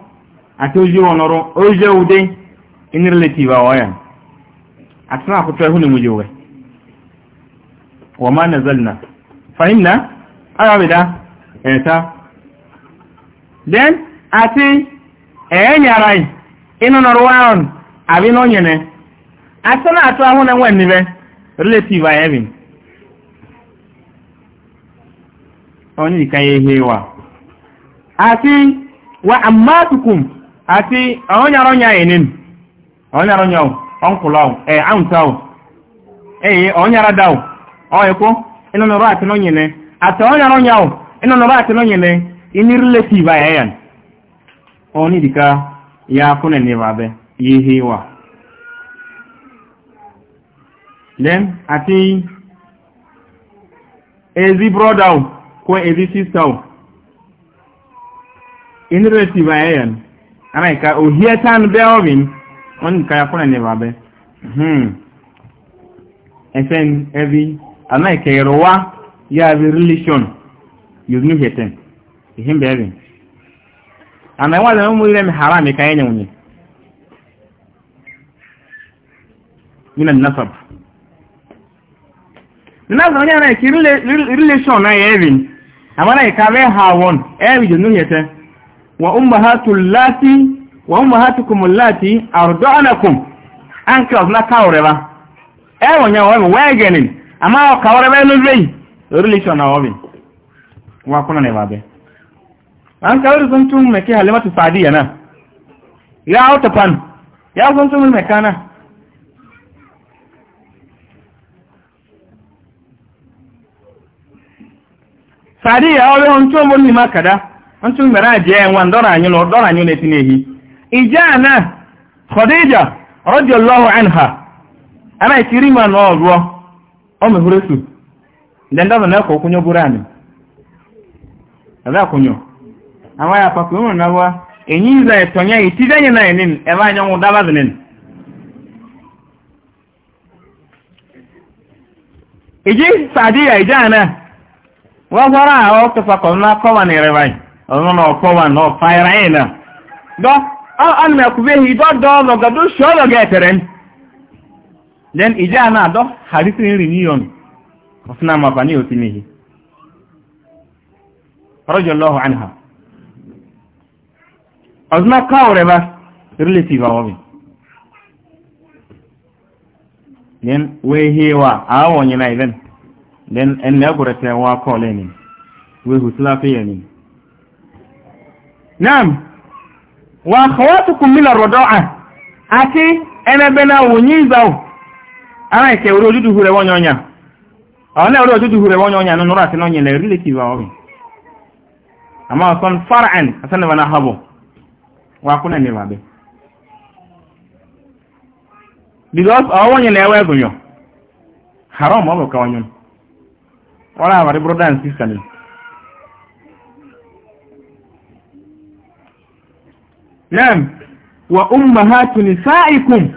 ati oje wonoro oje ude inirliti baye atuna kutwa huni mujiwe wama nazalna fahimna aya bida eta then àti ẹ̀ẹ́nyàrá yìí inú nọ̀rọ̀ wáhùn àbí náà yẹnẹ́ asọ́nà àtọ́ ahún ẹwọ́n níbẹ̀ relative ayẹ́bìn ọ̀nà ihe wà àti wà àmàtùkùn àti ọ̀nyàrọ̀nyà ẹ̀nìm ọ̀nyàrọ̀nyà ọ̀nkùlọ̀ ẹ̀ àǹtàwò ẹ̀yẹ ọ̀nyàrọ̀dáwò ọ̀ẹ̀kọ́ inú nọ̀rọ̀ inú nọ̀rọ̀ àti náà yẹnẹ́ ini relative oni oh, dika ya kuna ne babe yehewa then ati ezi brother ko ezi sister ini relative ayan ana ka o oh, here oni oh, ka ya kuna ne babe hmm esen evi ana ka yerowa ya bi relation you know ihin bebe ana wa zama mu ile mi harami ka yenye unye mina nasab nina zama yana ki relation na yevin amma na ikabe hawon ewi jinu yete wa ummahatul lati wa ummahatukum allati arda'nakum an ka na kawre ba ewon ya wa e wegenin amma kawre ba no rei relation na wobin wa kuna ne babe an kawar sun tun mai ke halimatu fadiya na ya auta fan ya sun tun mai kana fadiya ya ohun tí ó mọ́ ní máa kàdá wọ́n tún mẹ́rẹ́ àjẹ́ ẹ̀wọ̀n dọ́rọ̀ àyún lọ dọ́rọ̀ àyún létí na Khadija radiyallahu anha ana ma nọ ọrọ ọmọ ìhúrẹ́sù ndẹ́ndọ́rọ̀ náà kọ̀ọ̀kúnyọ́ búrá ni àwọn àpapọ̀ náwà èyí ìlà ìtọ̀nyẹ́ ìtìdẹ́yìn náà ní ẹ̀bá àjọun dábàdì nínú ìjí sàdíyà ìjá náà wọ́n fọ́rá àwọn ọkùnfàkọ̀ náà kọ́wà ní rẹ̀ báyìí ọ̀nà ọ̀kọ́wà náà fàírà ẹ̀ náà dọ́ ọ̀nà ẹ̀kùnfẹ́hì dọ́dọ́ lọ́gàdó ṣọ́lọ́gà ẹ̀tẹ̀rẹ̀ ní then ìjá náà dọ́ harisi nri níyọ̀n ọ̀sán náà mọ̀ Ozma kao reba relative awobi. Then we hewa awo nyina even. Then en na gurete wa ko leni. We husla fi yani. Naam. Wa akhawatukum min ar-rada'a. Ati ene bena wonyiza o. Ara ke oro dudu hure wonyonya. Ana oro dudu hure wonyonya no nura ati no nyina relative awobi. Ama son hakuna mema be because awonye na ewe gunyo haram obo ka wanyun wala abari brother and sister ni nam wa ummahatu nisaikum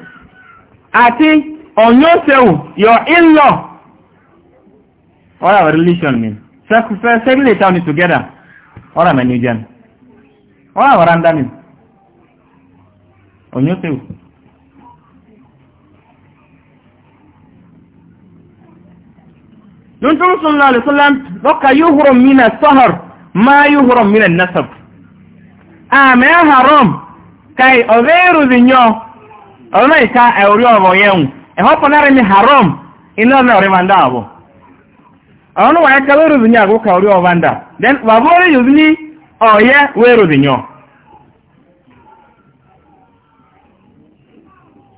ati onyosewu your in-law all our relation mean sacrifice segregate together all our manujan all our random mean on YouTube lóńtọ́ sallallahu alaihi wasallam lọ́ka yuhrum mina sọ́họ̀r máa yuhrum mina nasab àmì haram kai ọ̀rẹ́ ìrùzìnyọ́ ọ̀rẹ́ ìka ẹ̀rí ọ̀rọ̀ yẹn ẹ̀họ́pọ̀ náà ni haram iná ọ̀nà ọ̀rẹ́ máa ń dáàbò ọ̀rọ̀ wà ẹ̀ka wẹ́rùzìnyọ́ àgókà ọ̀rẹ́ ọ̀bá ń then wà bọ́ọ̀rẹ́ yòzí ní ọ̀yẹ́ wẹ́rùzìnyọ́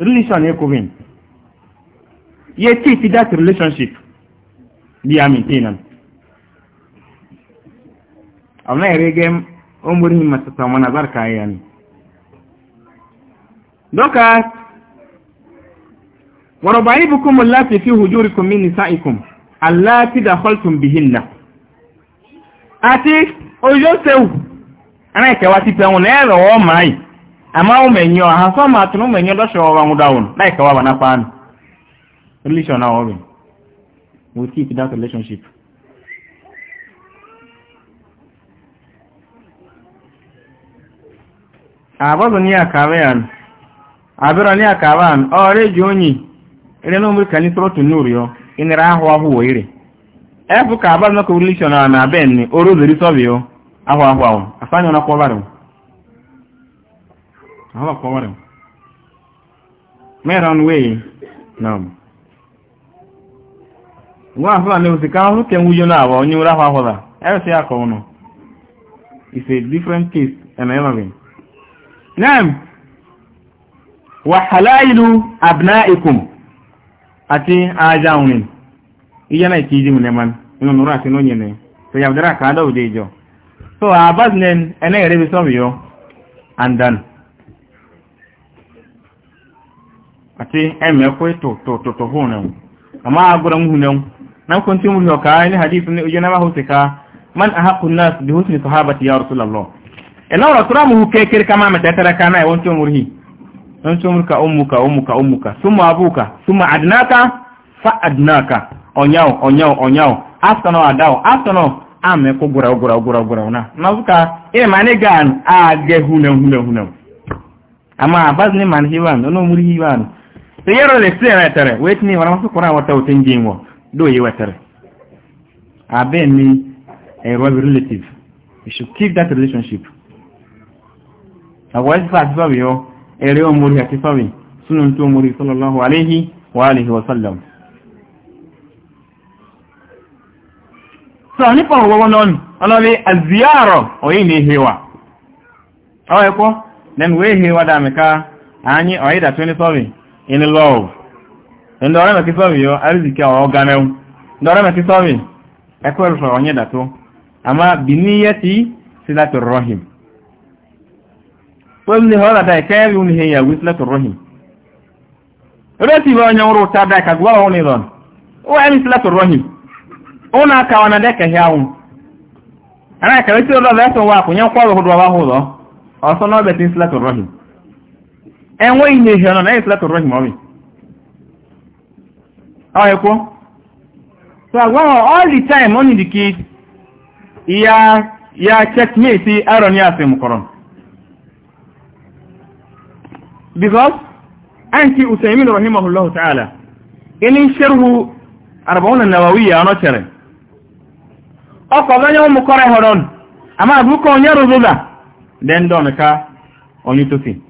relation yẹ ko win yẹ keep that relationship bi a maintain am na yɛrɛ gɛm o mori ni masasa mana barka ya ni doka وربائبكم اللاتي في هجوركم من نسائكم اللاتي دخلتم بهن àti ojú ṣe wù ẹ̀rẹ́ ìkẹwàá ti tẹ̀wọ̀n lẹ́rọ̀ ọ́ máa yìí amma ama umenyoa hasoma tuna umenyo ndosho wa wangu down like wa wana pan relation na wobe we keep that relationship abazo ni akabean abiro ni akaban ore jonyi ile no mu kanisa rotu nurio inira ahu ahu ile efu ka abazo na relation na na ben ni oru zeri sobio ahwa ahwa afanya na kwa baro هذا الطوارئ ميران وي نعم wa fa le usika ho ke wuyo na wa onyu ra ho da e se akọ no is a different case and I mean naam wa halailu abnaikum ati ajaunin iya na kiji mu ne man ino nura ti no nyene so ya dara ka da udejo so abas nen ene rebe so yo and done ati eme ko to to to to hunan amma aguran hunan nan kun timu yo ka ni hadithu ni ujana ma husika man ahaqu nas bi husni sahabati ya rasulullah ina rasulamu ke kir kama mata tara kana e won to murhi don to murka ummuka ummuka ummuka summa abuka summa adnaka fa adnaka onyao onyao onyao afkano adao afkano ame ko gura gura gura gura na na zuka e mane gan a hunan hunan hunan amma abaz ne man hiwan no murhi hiwan te yero le se na tere wetni wala masu kora wata utin jingo do yi watere abeni a eh, relative you should keep that relationship awai fa ti bawo yo ere o muri ati fawi sunan to muri sallallahu alaihi wa alihi wa sallam so ni pa wo wonon alawi aziyara o yi ni hewa awe ko nen we hewa da meka anyi o ida 27 in love ndị ọrịa mekị sọmi yo arizikị ọ ganew ndị ọrịa mekị sọmi ekwere sọrọ onye datụ ama biniyeti silatul rahim wọ́n ní họ́rọ̀ dáì kẹ́rì ní hẹ́yà wíṣlẹ̀tù rọ́hìn rẹ́tì bá ọnyà ọrọ̀ ta dáì kàgbà ọ̀hún ìlọ́n ó ẹni sílẹ̀tù rọ́hìn ó náà ka ọ̀nà dẹ́kẹ̀ hẹ́ ahùn ara ìkàrẹ́tì ọlọ́ọ̀lẹ́sùn wa kò nyẹ́ kọ́ ọ̀rọ̀ hùdọ̀ wa hùdọ̀ ọ̀sán náà bẹ̀ sí sílẹ̀tù rọ́hìn enwe inye ihe ọnọ na islatu rahim ọmị ọ ekwo so agwọghọ all the time ọ nidike ya ya checkmate aron ya asị mkọrọ because anti usaimin Allah ta'ala ini sharhu arba'una nawawiya ọnọ chere ọkọ̀ onye ụmụkọrọ hụrụ ama abụkọ onye rụzụza den dọnụ ka onye tosi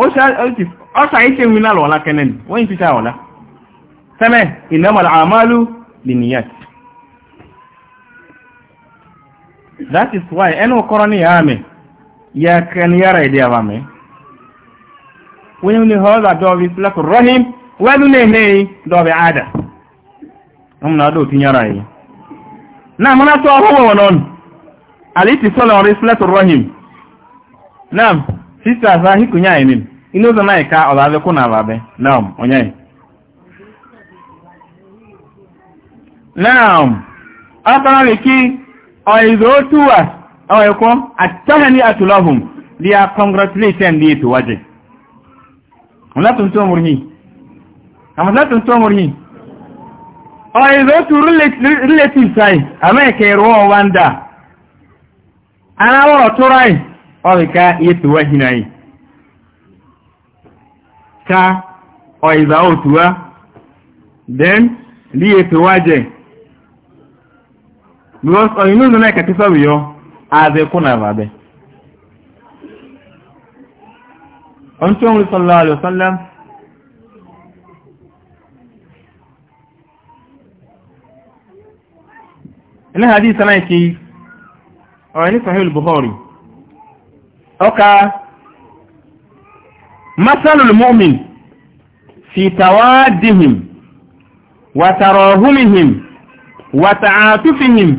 ọ́ṣà iṣẹ́ ìrìn náà lọ́la kẹ́nẹ̀ ni wọ́n yìí ti ṣàwọ̀lá sẹ́mẹ̀ ìnámọ̀lá àmàlù lìníyàn that is why ẹnu kọ́rọ́ ní àmì ya kẹni yára ìdí àmàmì wọ́n ni họ́ọ́dà dọ́ọ̀bì sílẹ̀kù rọ́hìm wẹ́dún ní ẹ̀mẹ́ dọ́ọ̀bì àdà wọ́n na dóòtí yára yìí náà mọ́nà tó ọwọ́ wọn náà na sọ́lọ̀ rí sílẹ̀kù rọ́hìm sista asa hikunya enin ina ụzọ na ịka ọlabe kwụ na alabe naam onye naam akpara leki ọizo otu a ọyekwo atahani atulahum dia congratulate ndi eto waje ọlatun tó murhi amalatun tó murhi tu otu relative sai amẹ́kẹ̀ẹ́rọ wanda ana wọ́rọ̀ tó ráì ọrịka yetuwa hinai ka ọiza otuwa den li yetuwa je because ọ̀yìnú ìlú náà kàkí sọ́rọ̀ yọ ààzẹ̀kú na ràbẹ̀ ọ̀n tí ó ń rí sọ́lọ́ àlọ́sọ́lá ilé hadith sanáìkì ọ̀rọ̀ ní sahih bukhari ọka masalul mu'min fi tawaddihim wa tarahumihim wa ta'atufihim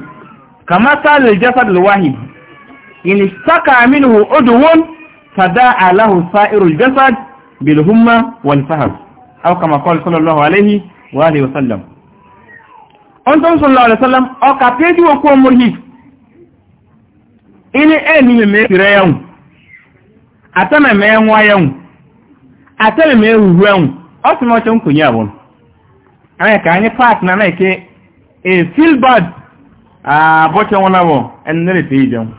كمثل الجسد الواحد إن اشتكى منه عضو فداعى له سائر الجسد بالهمة والفهم أو كما قال صلى الله عليه وآله وسلم أنتم صلى الله عليه وسلم أكتبت وكو مرهيب إن أني من ميريهم atana m enwa ya nwu atana m ehuru enwu ọ sị m ọchọ nkonye abụọ anya ka anyị paat na na eke e feel bad abọchọ nwa nabọ ennerete ije nwu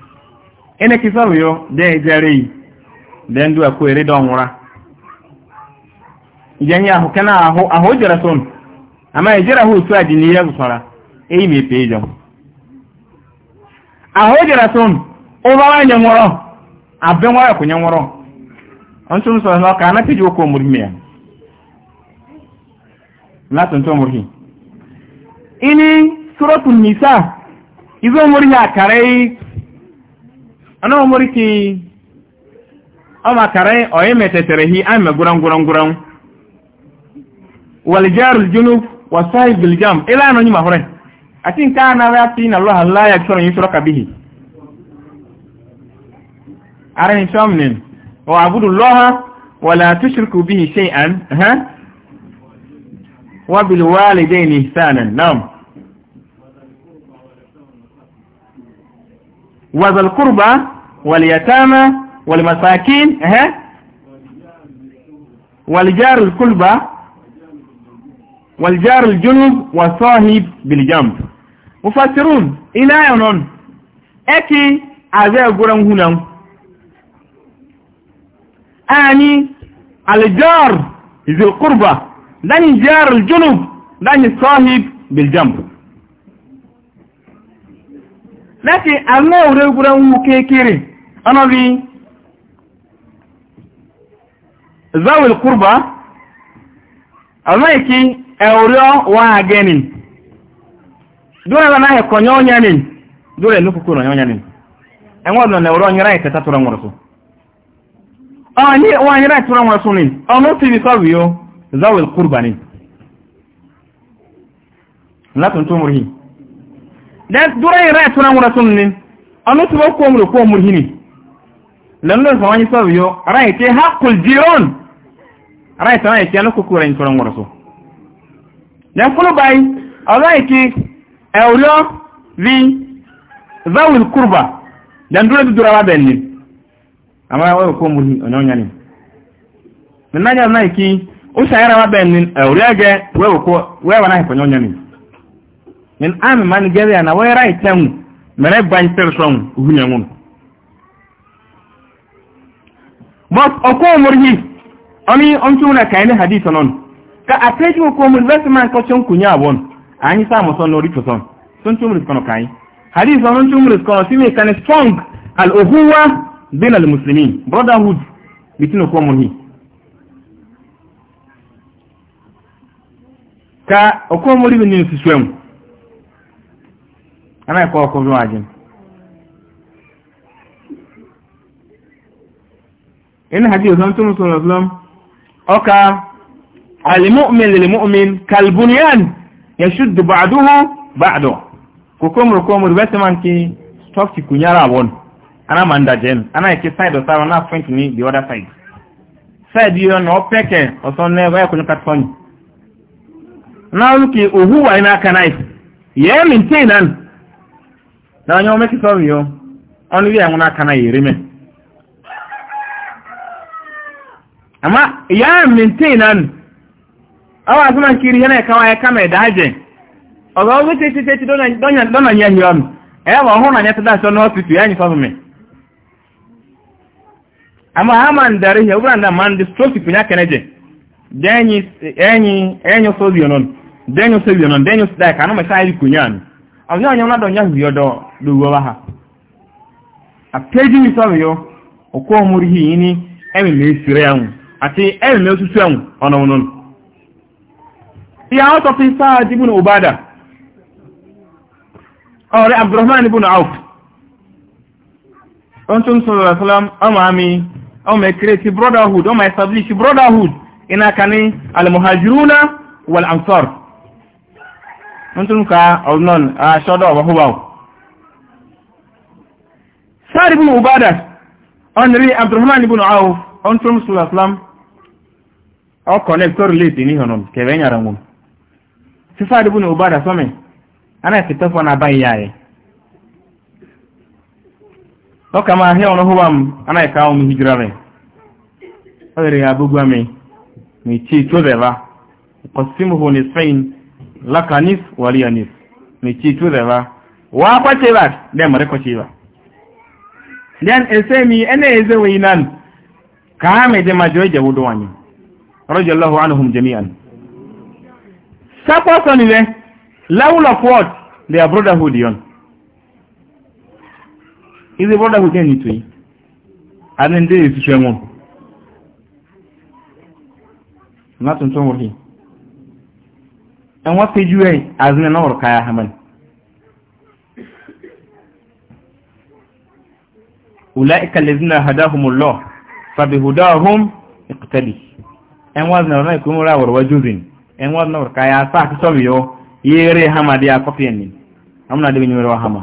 ene kisa ruyo de ejere yi de ndu akụ eri dọ nwụra ije nye ahụ kena ahụ ahụ jere son ama ejere ahụ otu adị n'ihe gụsara eyi mepe ije nwu ahụ jere son ụbara anyị nwụrụ. abin waya kunyan wuro an sun sun sun ka na fi jiwo ko murmi ya na tuntun murhi ini suratun nisa izo murhi a kare ana murki ama kare oye meteterehi an me guran guran guran wal jarul junub wa sahib bil jam ila no nyima hore atin kana wa tin allah la yakshuru yushraka bihi عليه ثمن واعبدوا الله ولا تشركوا به شيئا ها وبالوالدين إحسانا نعم وذا القربى واليتامى والمساكين ها والجار القربى والجار الجنوب والصاحب بالجنب مفسرون إلى ينون أكي أزاي قرم هنا ani aljar zil qurba dani jar al junub dani sahib bil jamb lati ana ore gura wu kekere ana bi zawi al qurba alaiki ewrio wa ageni dole na he konyo nyani dole nuku kuno nyani enwa na ewrio nyira ite tatura ngoroso Ah, wọ́n yẹ́rẹ́ tí wọ́n sún ní ọmọ tí bí sọ́rọ̀ yóò zawil kurba ní látún tó múrhì dúró yẹ́rẹ́ tí wọ́n sún ní ọmọ tí wọ́n kó múrhì kó múrhì ní lọ́nà sọ wọ́n yí sọ́rọ̀ yóò ráyì tí ha kùl jíron ráyì tí wọ́n yẹ kí ẹnu kúkú rẹ̀ nítorí wọ́n sọ dẹ́ kúrò báyìí ọ̀rọ̀ yìí kí ẹ̀wùrọ̀ vi zawil kurba dẹ́ dúró bí dúró wá bẹ̀ ní amma wai ko muni ononya ni nanya eh, na iki usayara wa ben urege wewe ko wewe na iponyonya ni nin am man gere na wewe right time mere ban person uhunya ngun bas oko murhi ami on tuna kaine hadith non ka ateji ko mun investment ko chon kunya bon ani sa mo son no rito son son tumris kono kai hadith on tumris kono simi kan strong al uhuwa bain al Muslimi brotherhood bitino kwa munhi ka okwa muri bin nisiswem ana kwa kwa wajin in hadith zan tunu sallallahu alaihi oka al-mu'min lil-mu'min kal-bunyan yashuddu ba'dahu ba'dahu kokomro komro betaman ki stop ki kunyara won ana ma nda jen ana yake side of sarah na front ni the other side side yo na opeke oso ne wa kunyo katfon na luki uhuwa ina kana is ye maintain an na nyo make so yo on wi enuna kana yereme ama ya maintain an awa asuma kiri yana kawa ya kama daje ọ̀rọ̀ orí tí ṣe ṣe ti dọ́nà yẹn yọ ọ̀nà ẹ̀wọ̀ ọ̀hún àyẹ́tẹ́dá ṣọ́nà ọ̀tútù ẹ̀yìn sọ́fún mi ama ama ndare ya ubra nda man di stroke kunya keneje denyi enyi enyo sozio non denyo sozio non denyo sida ka no mesai kunyan awyo anyo na donya hwiyo do duwo baha a page ni so yo okwo muri hi ni emi me sire anwu ati emi me susu anwu ono wonon ya auto fi sa'ad ibn ubada ọ̀rẹ́ abdurrahman ibn auf ọ̀n tún sọ̀rọ̀ ọ̀sọ́lám ọmọ àmì au umecreate brotherhood au umeestablish brotherhood inakani almuhajiruna wal ansar ntunka onon ashodo wa huwa Sa'd ibn Ubadah onri Abdurrahman ibn Auf ontum sallallahu alaihi o connector late ni honon kebenyara ngum Sa'd ibn Ubadah some ana kitafana bayaye to kama he ono huwam ana ka um hijrare ore ya bugwa me mi chi to deva qasimuhu nisfain laka nis wa liya nis mi chi to deva wa kwa che ba de mare ko chi ba dan esemi ene eze we nan ka me de majoje wudu wani radiyallahu anhum jami'an sakwa sonile laula what their brotherhood yon is a brother who came into him. And then there is Shemon. Not in some way. And what did you say as an hour Kaya Haman? أولئك الذين هداهم الله فبهداهم اقتدي أن وزن أولئك هم راور وجوزين أن وزن أولئك يا ساك سويو يري هما دي أكفيني أمنا دي بنيورو هما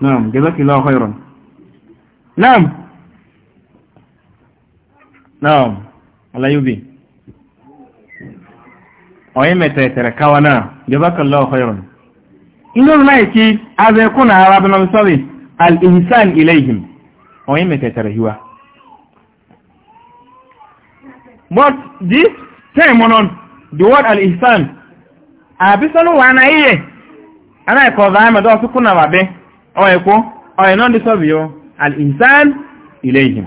نعم جزاك الله خيرا نعم نعم الله يبي ọ̀yẹ́mẹ̀ tẹ̀ẹ̀tẹ̀rẹ̀ káwa náà jazakallahu khairan inú ọdún láì kí azẹ́kùnà arábìnà sọ́rì al-ihsan ilayhim ọ̀yẹ́mẹ̀ tẹ̀ẹ̀tẹ̀rẹ̀ yíwa but this time on the word al-ihsan àbísọ́lù wà náà iye aláìkọ̀ọ̀zá ẹ̀mẹ̀dọ́ ọ̀túnkùnà wà bẹ́ẹ̀ ọ̀rọ̀ ẹ̀kọ́ ọ̀rọ̀ iná ní sọ́bì yóò al-insan ilé ìhìn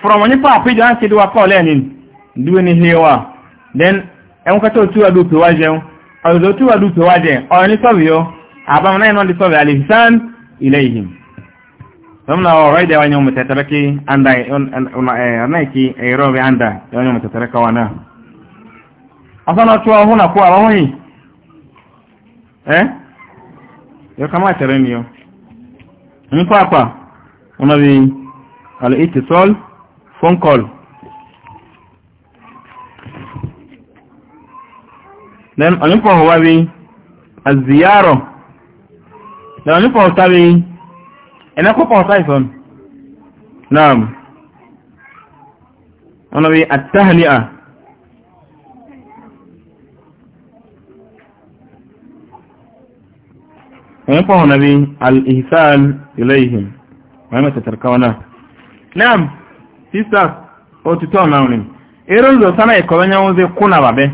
from wani pa àpéjọ á ṣe díwá paul ẹni dúwé ní hewa then ẹun kẹtọ́ tí wà dúpẹ̀ wá jẹun ọ̀dọ̀ tí wà dúpẹ̀ wá jẹ ọ̀rọ̀ ní sọ́bì yóò àbámu náà iná ní sọ́bì al-insan ilé ìhìn sọmna ọ̀rọ̀ ìdẹ̀ wọn yóò mú tẹ̀tẹ̀rẹ́kì anda ọ̀nà ìkí ẹ̀rọ bí anda yóò mú tẹ̀tẹ̀rẹ́kà wọn náà ọ̀sán náà tí wọ́n hún àkó àwọn hún yìí ya kamata ran yau in kwakwa wani bi al'itisol phone call Then dan onípọ̀ wà bí aziyarọ̀ dan onípọ̀ ọ̀tá bí ẹ̀nà kọ́kọ́ ọ̀tá ìfọ́n náà wọ́n bí àtàhàlì à وينفع نبي الإحسان إليهم وما تتركونا نعم sister otito naonim ero nzo sana ikoronya uze kuna babe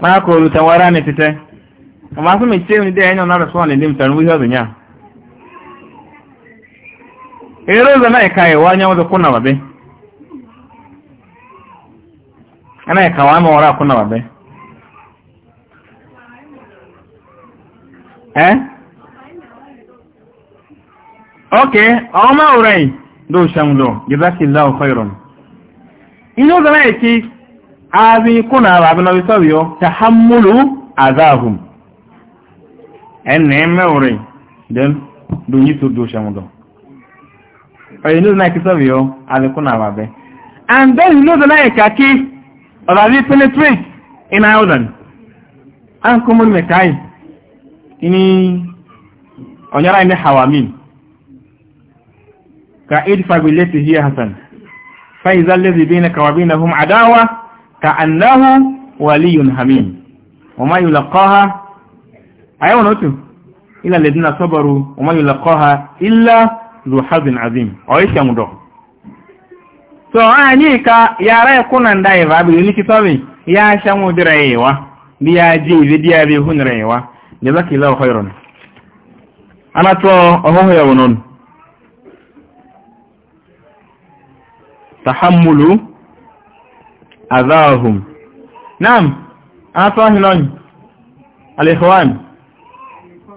maya ko luta warane tete ama so me cheuni de enyo na raso ne dim tanu wiho benya ero nzo na ikai wanya uze kuna babe ana ikawa mo ora kuna babe eh okay ọmọ ọ̀rẹ́ ló ṣàmùlọ jazakallahu khairan inú zama yake abi kuna rabi na bisawiyo tahammulu azahum ẹnna mẹ́rin den do yi to do ṣàmùlọ ọ̀yẹ̀ inú zama yake and then inú zama yake kaki ọ̀rọ̀ abi penetrate in ireland an ní ọ̀nyára ní hawamin ka idfag billati hiya hasan fa iza allazi bainaka wa bainahum adawa ka annahu waliyun hamim wa ma yulqaha ayawna utu ila alladhina sabaru wa ma yulqaha illa dhu hazin azim oisha mudo so ani ka yara kuna ndai ba bi ni kitabi ya shamu direwa biya ji biya bi hunrewa جزاك الله خيرا أنا تو أهو يا ونون تحمل أذاهم نعم أنا تو هلون الإخوان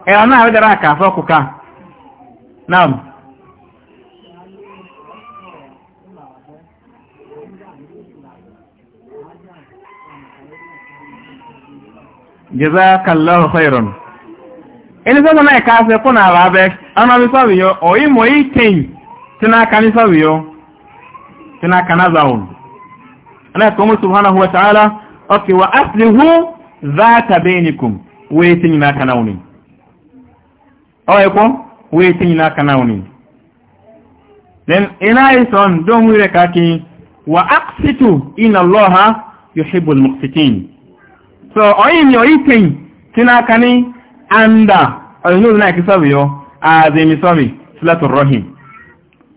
أنا أريد رأيك أفوقك نعم jazakallahu khairan elizabeth na ka se kuna rabe ana bi sabi yo o imo itin tuna kan sabi yo tuna kan zaun ana kuma subhanahu wa ta'ala okay wa aslihu zata bainakum we tin na kanauni o e ko we tin na kanauni then ina ison don wire kaki wa aqsitu inna allaha yuhibbul muqsitin so oyin uh, yo itin tinaka ni anda oyinu na kisabi yo azi misabi silatul rahim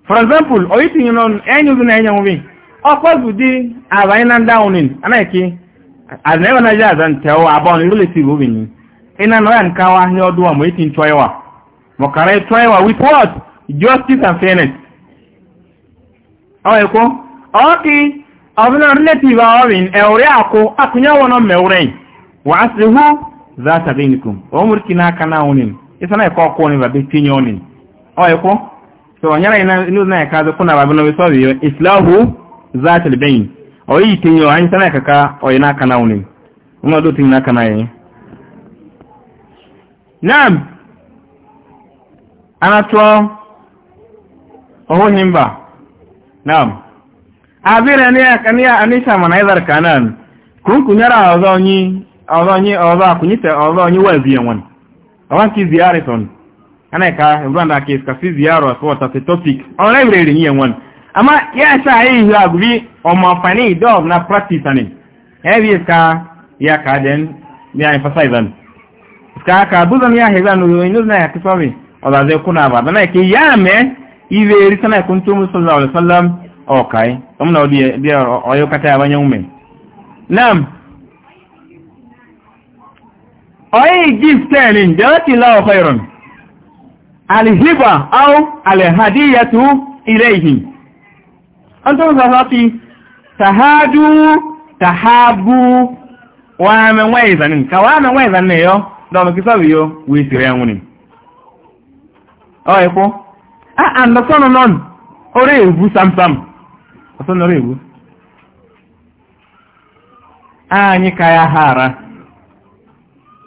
for example oyitin yo non enyu na enyu wi okwazu di abaina downin anaki anewa na abụọ na jaza nteo abon relative wi ni ina no yan kawa ni oduwa mo itin choyewa mo kare choyewa with what justice and fairness aweko okay ọbụna relative awọrin ewure akụ akụnye wọn mewurein wa aslihu dhata bainakum wa umrikina kana unin isana yako kuone babe tinyonin oyeko so nyara ina ni na yakaza kuna babe no so biyo islahu dhata albayn oyi tinyo an sana kaka oyina kana unin umma do tinna kana yin naam anatwa oho himba naam avira ni akania anisha manaidhar kanan kunkunyara wazo nyi ọ̀rọ̀nyí ọ̀rọ̀ akùnyítẹ̀ ọ̀rọ̀nyí wẹ̀bìyàn wọn ọ̀rọ̀n kí ziyarẹ̀ tọ́nù anaika rwanda ke iska si ziyaro so wata se topic on ni yen ama ya sha yi ya gbi o na practice ani e bi ya ka den ya emphasize an iska ya hega no inu na ya kisabi o da kuna ba na ke ya iwe ri sana kun tu sallallahu o mna odi dia o yo kata abanya nam ọ̀yí gift ni jazakallahu khairan alhiba au alhadiyatu ilayhi an tó sọ sọ́tí tahadu tahabu wa mẹ́wẹ́ ìzanin ka wa mẹ́wẹ́ ìzanin yọ dọ̀mù kí sọ́bí a anyị ka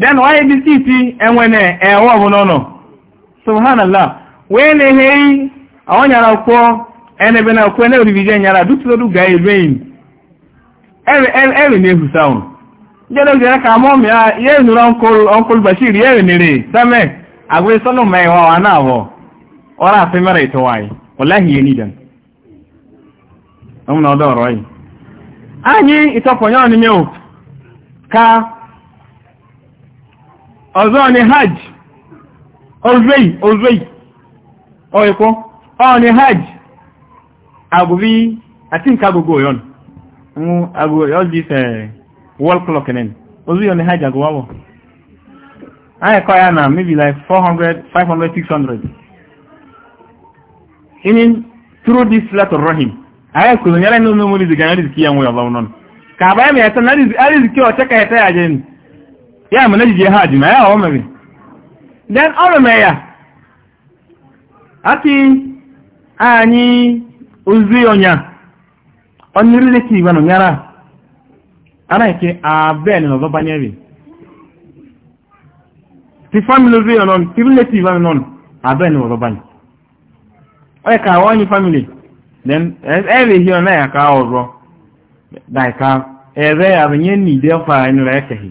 then why did it enwe na nọ subhanallah wee na-ehe ọ nyara kwuo enebe na kwuo na-erivije nyara dutulodu ga ebeghị eri na-ehusa ụnụ jẹ́lẹ̀ ka mọ́ mi a yẹ́ ìnura ọkùnrin bashir yẹ́ ìnire sẹ́mẹ̀ àgbé sọ́nà mẹ́wàá wà náà wọ́ ọ̀rọ̀ àfẹ́ mẹ́rẹ̀ ìtọ́wàá ka. ọ̀zọ́ ni hajj ozei ozei ọ̀ẹ̀kọ́ ọ̀ ni hajj Agbubi, àti nǹkan agogo ọ̀yọ́n mú agogo this uh, world clock nẹ́ni ozu yọ ni hajj agowawọ̀ ayẹ̀kọ́ ya na maybe like 400 500 600 inin through this flat of rahim ní ọmọ kàbáyé na ya mana jije hajji ma ya ọmọ mi den ọrụ me ya ati anyị ozi onya onye relative anọ nyara ara ike abel na ọzọba nyere ti family ozi ọnọ ti relative anọ nọ abel na ọzọba nyere ọ ka onye family then e, ebe ihe ọ na ya ka ọzọ da e ka ebe ya bụ nye ni dị ọfa e anyị rẹ ekeghị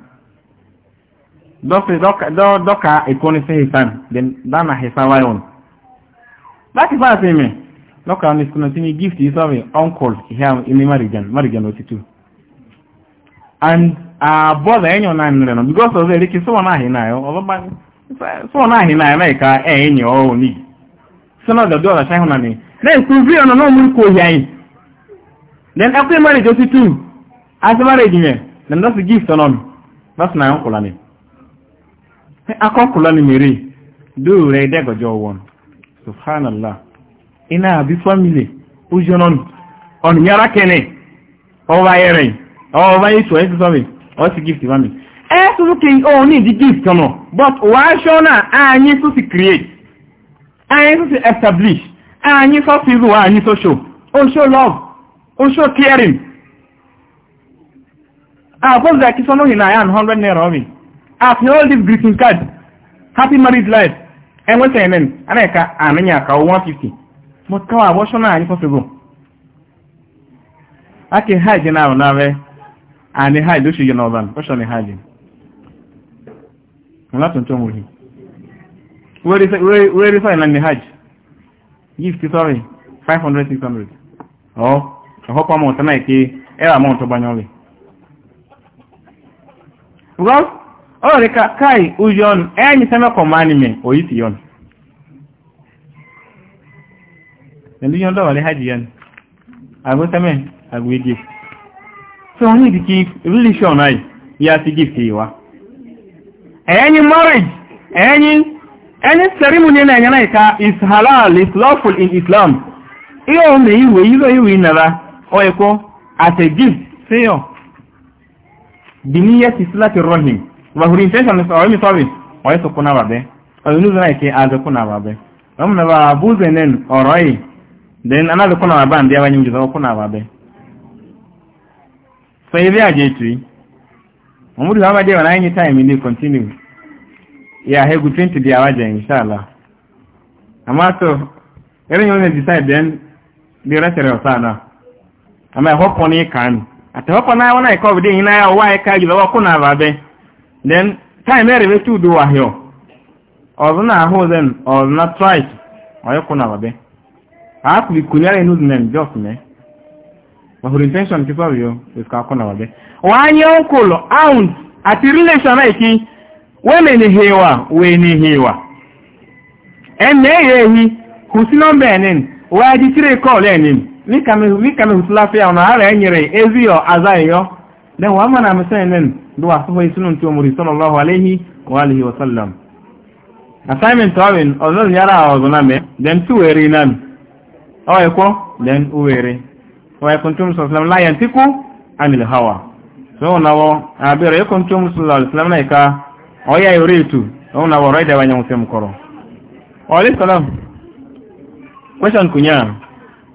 doka doka doka ikoni se hisan den dana hisan wayon that is what i mean doka ni kuna tini gift is ave uncle here in marigan marigan otitu and uh brother enyo na nre no because of eriki so na hi na yo na hi na na ka enyo o ni na do do la shine na ni na ikuvi ono no mu ko yan then after marriage otitu as marriage ni then gift na akọkụla na mere duru rẹ dẹgọjọ wọn subhanallah ina na family ujonon on yara kene ọba yẹrẹ ọba ètò ẹ ti sọ mi ọ ti gift mami ẹ tún kí o ní di gift ọ̀nà but wàá ṣọ́ náà ààyè tún ti create ààyè tún ti establish ààyè sọ sí irú ààyè tó ṣò ó ṣò love ó ṣò caring àpọ́sẹ̀ kí sọ́nà òyìnbó àyà 100 naira ọ̀rìn after all this greeting card happy married life ẹ wọ́n sẹ́yìn mẹ́rin aláìka àmìyàn àkàwọ̀ 150 mo káwà àwọ́ṣọ́ náà ní possible ake hajj náà rùn náà rẹ̀ àní hajj ló ṣe yọ náà ọ̀ṣọ́ ni hajj wọ́n látún tó wùrí wérí sọ́yìn náà ni hajj gift sorry 500 600 ọ̀ ọ̀họ́pọ̀ mọ̀ tánà ìké ẹ̀rà mọ̀ tó gbanyọ́ rẹ̀ orika kai ujon enyi sema kwa mani me oiti yon ndi yon do wale haji yon ago seme ago igi e so oni diki really sure nai ya ti gift yiwa enyi marriage enyi any e ceremony na yana ka is halal is lawful in islam iyo me iwe iyo iwe inara oyeko as a gift sayo biniyat is lati rahim ba huri intention ne sawa mi sawi oye so kuna babe oye nuzu na ike aze kuna babe omu na ba buze nen oroi then anaze kuna baba ndi abanyi mjiza kuna babe so ibi aje tu umuri baba na wanayi time ni continue ya hegu 20 dia waje inshallah ama so ere nyone decide then bi rasere sana ama hopo ni kan ata hopo na wana ikobi din na ya wa ka gizo kuna babe then time ere wetu do wa hio ozuna ahu then ozuna try ayoko na babe aku bi kunyara inu nem just me ma huri intention ti fabio is ka kona babe wanye onkulo aunt ati relation na iki weme ni hewa we ni hewa enne yehi husino benin wa di tire call enin ni kame ni kame husla fe ona ara enyere ezio azayo dan wa mana misalin nan duwa safai sunan tuwa muri sallallahu alaihi wa alihi wa sallam assignment tawin ọzọ yara wa zuna me den tu were nan awai ko den uwere wa kuntum sallallahu la yantiku anil hawa so nawo abira yakuntum sallallahu alaihi wasallam naika oya yoretu so nawo raida wanya musemkoro wa alaihi salam uh, oh, oh, oh, um, question kunya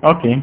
okay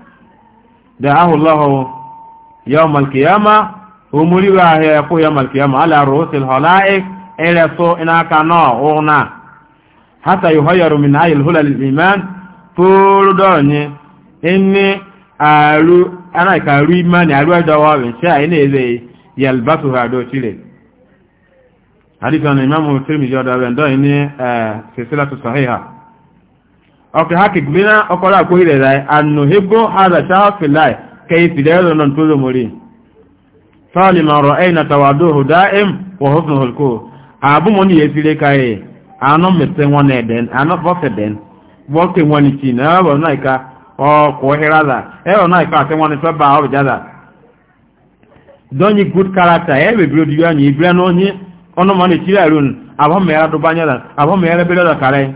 دعاه الله يوم القيامة ومريوا يقول يوم القيامة على رؤوس الخلائق إلى سوء ناكنا أغنى حتى يهير من هاي الهلة للإيمان طول دوني إني أعلو أنا كأعلو إيماني أعلو أجواب إن شاء إني إذي يلبسها دو تلي حديث عن الإمام الترمذي ودابن دو إني سلسلة صحيحة ọkọ̀ ha kìgbì náà ọkọ̀lá àkóhì rẹ̀ ráì ànù hebo àrẹ̀ṣà fìláì kẹ́ ìfìdẹ̀ ẹ̀rọ náà tó lómorí sọ́ọ̀lì ma rọ̀ ẹ̀yìn àtàwàdó hùdá ẹ̀m wọ̀hófin hulkó àbúmọ̀ ní yẹfìlẹ̀ káyẹ̀ àánú mẹ̀tẹ̀ wọn ẹ̀dẹ̀n àánú fọ́fẹ̀dẹ̀n wọ́kẹ̀ wọn ti ẹ̀rọ náà ìka ọkọ̀ hẹ́rádà ẹ̀rọ náà ìka àti wọn fẹ́ bá ọrọ̀ jádà dọ́nyí good character ẹ̀ bèbí odi yọ ní ìbílẹ̀ náà ní ọ̀nà mọ́ ní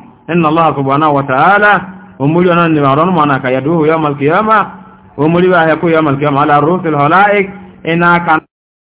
إن الله سبحانه وتعالى ومولي أنا نبارون معناك يدوه يوم القيامة ومولي بأهيكو يوم القيامة على الرؤوس الهلائك إنا كان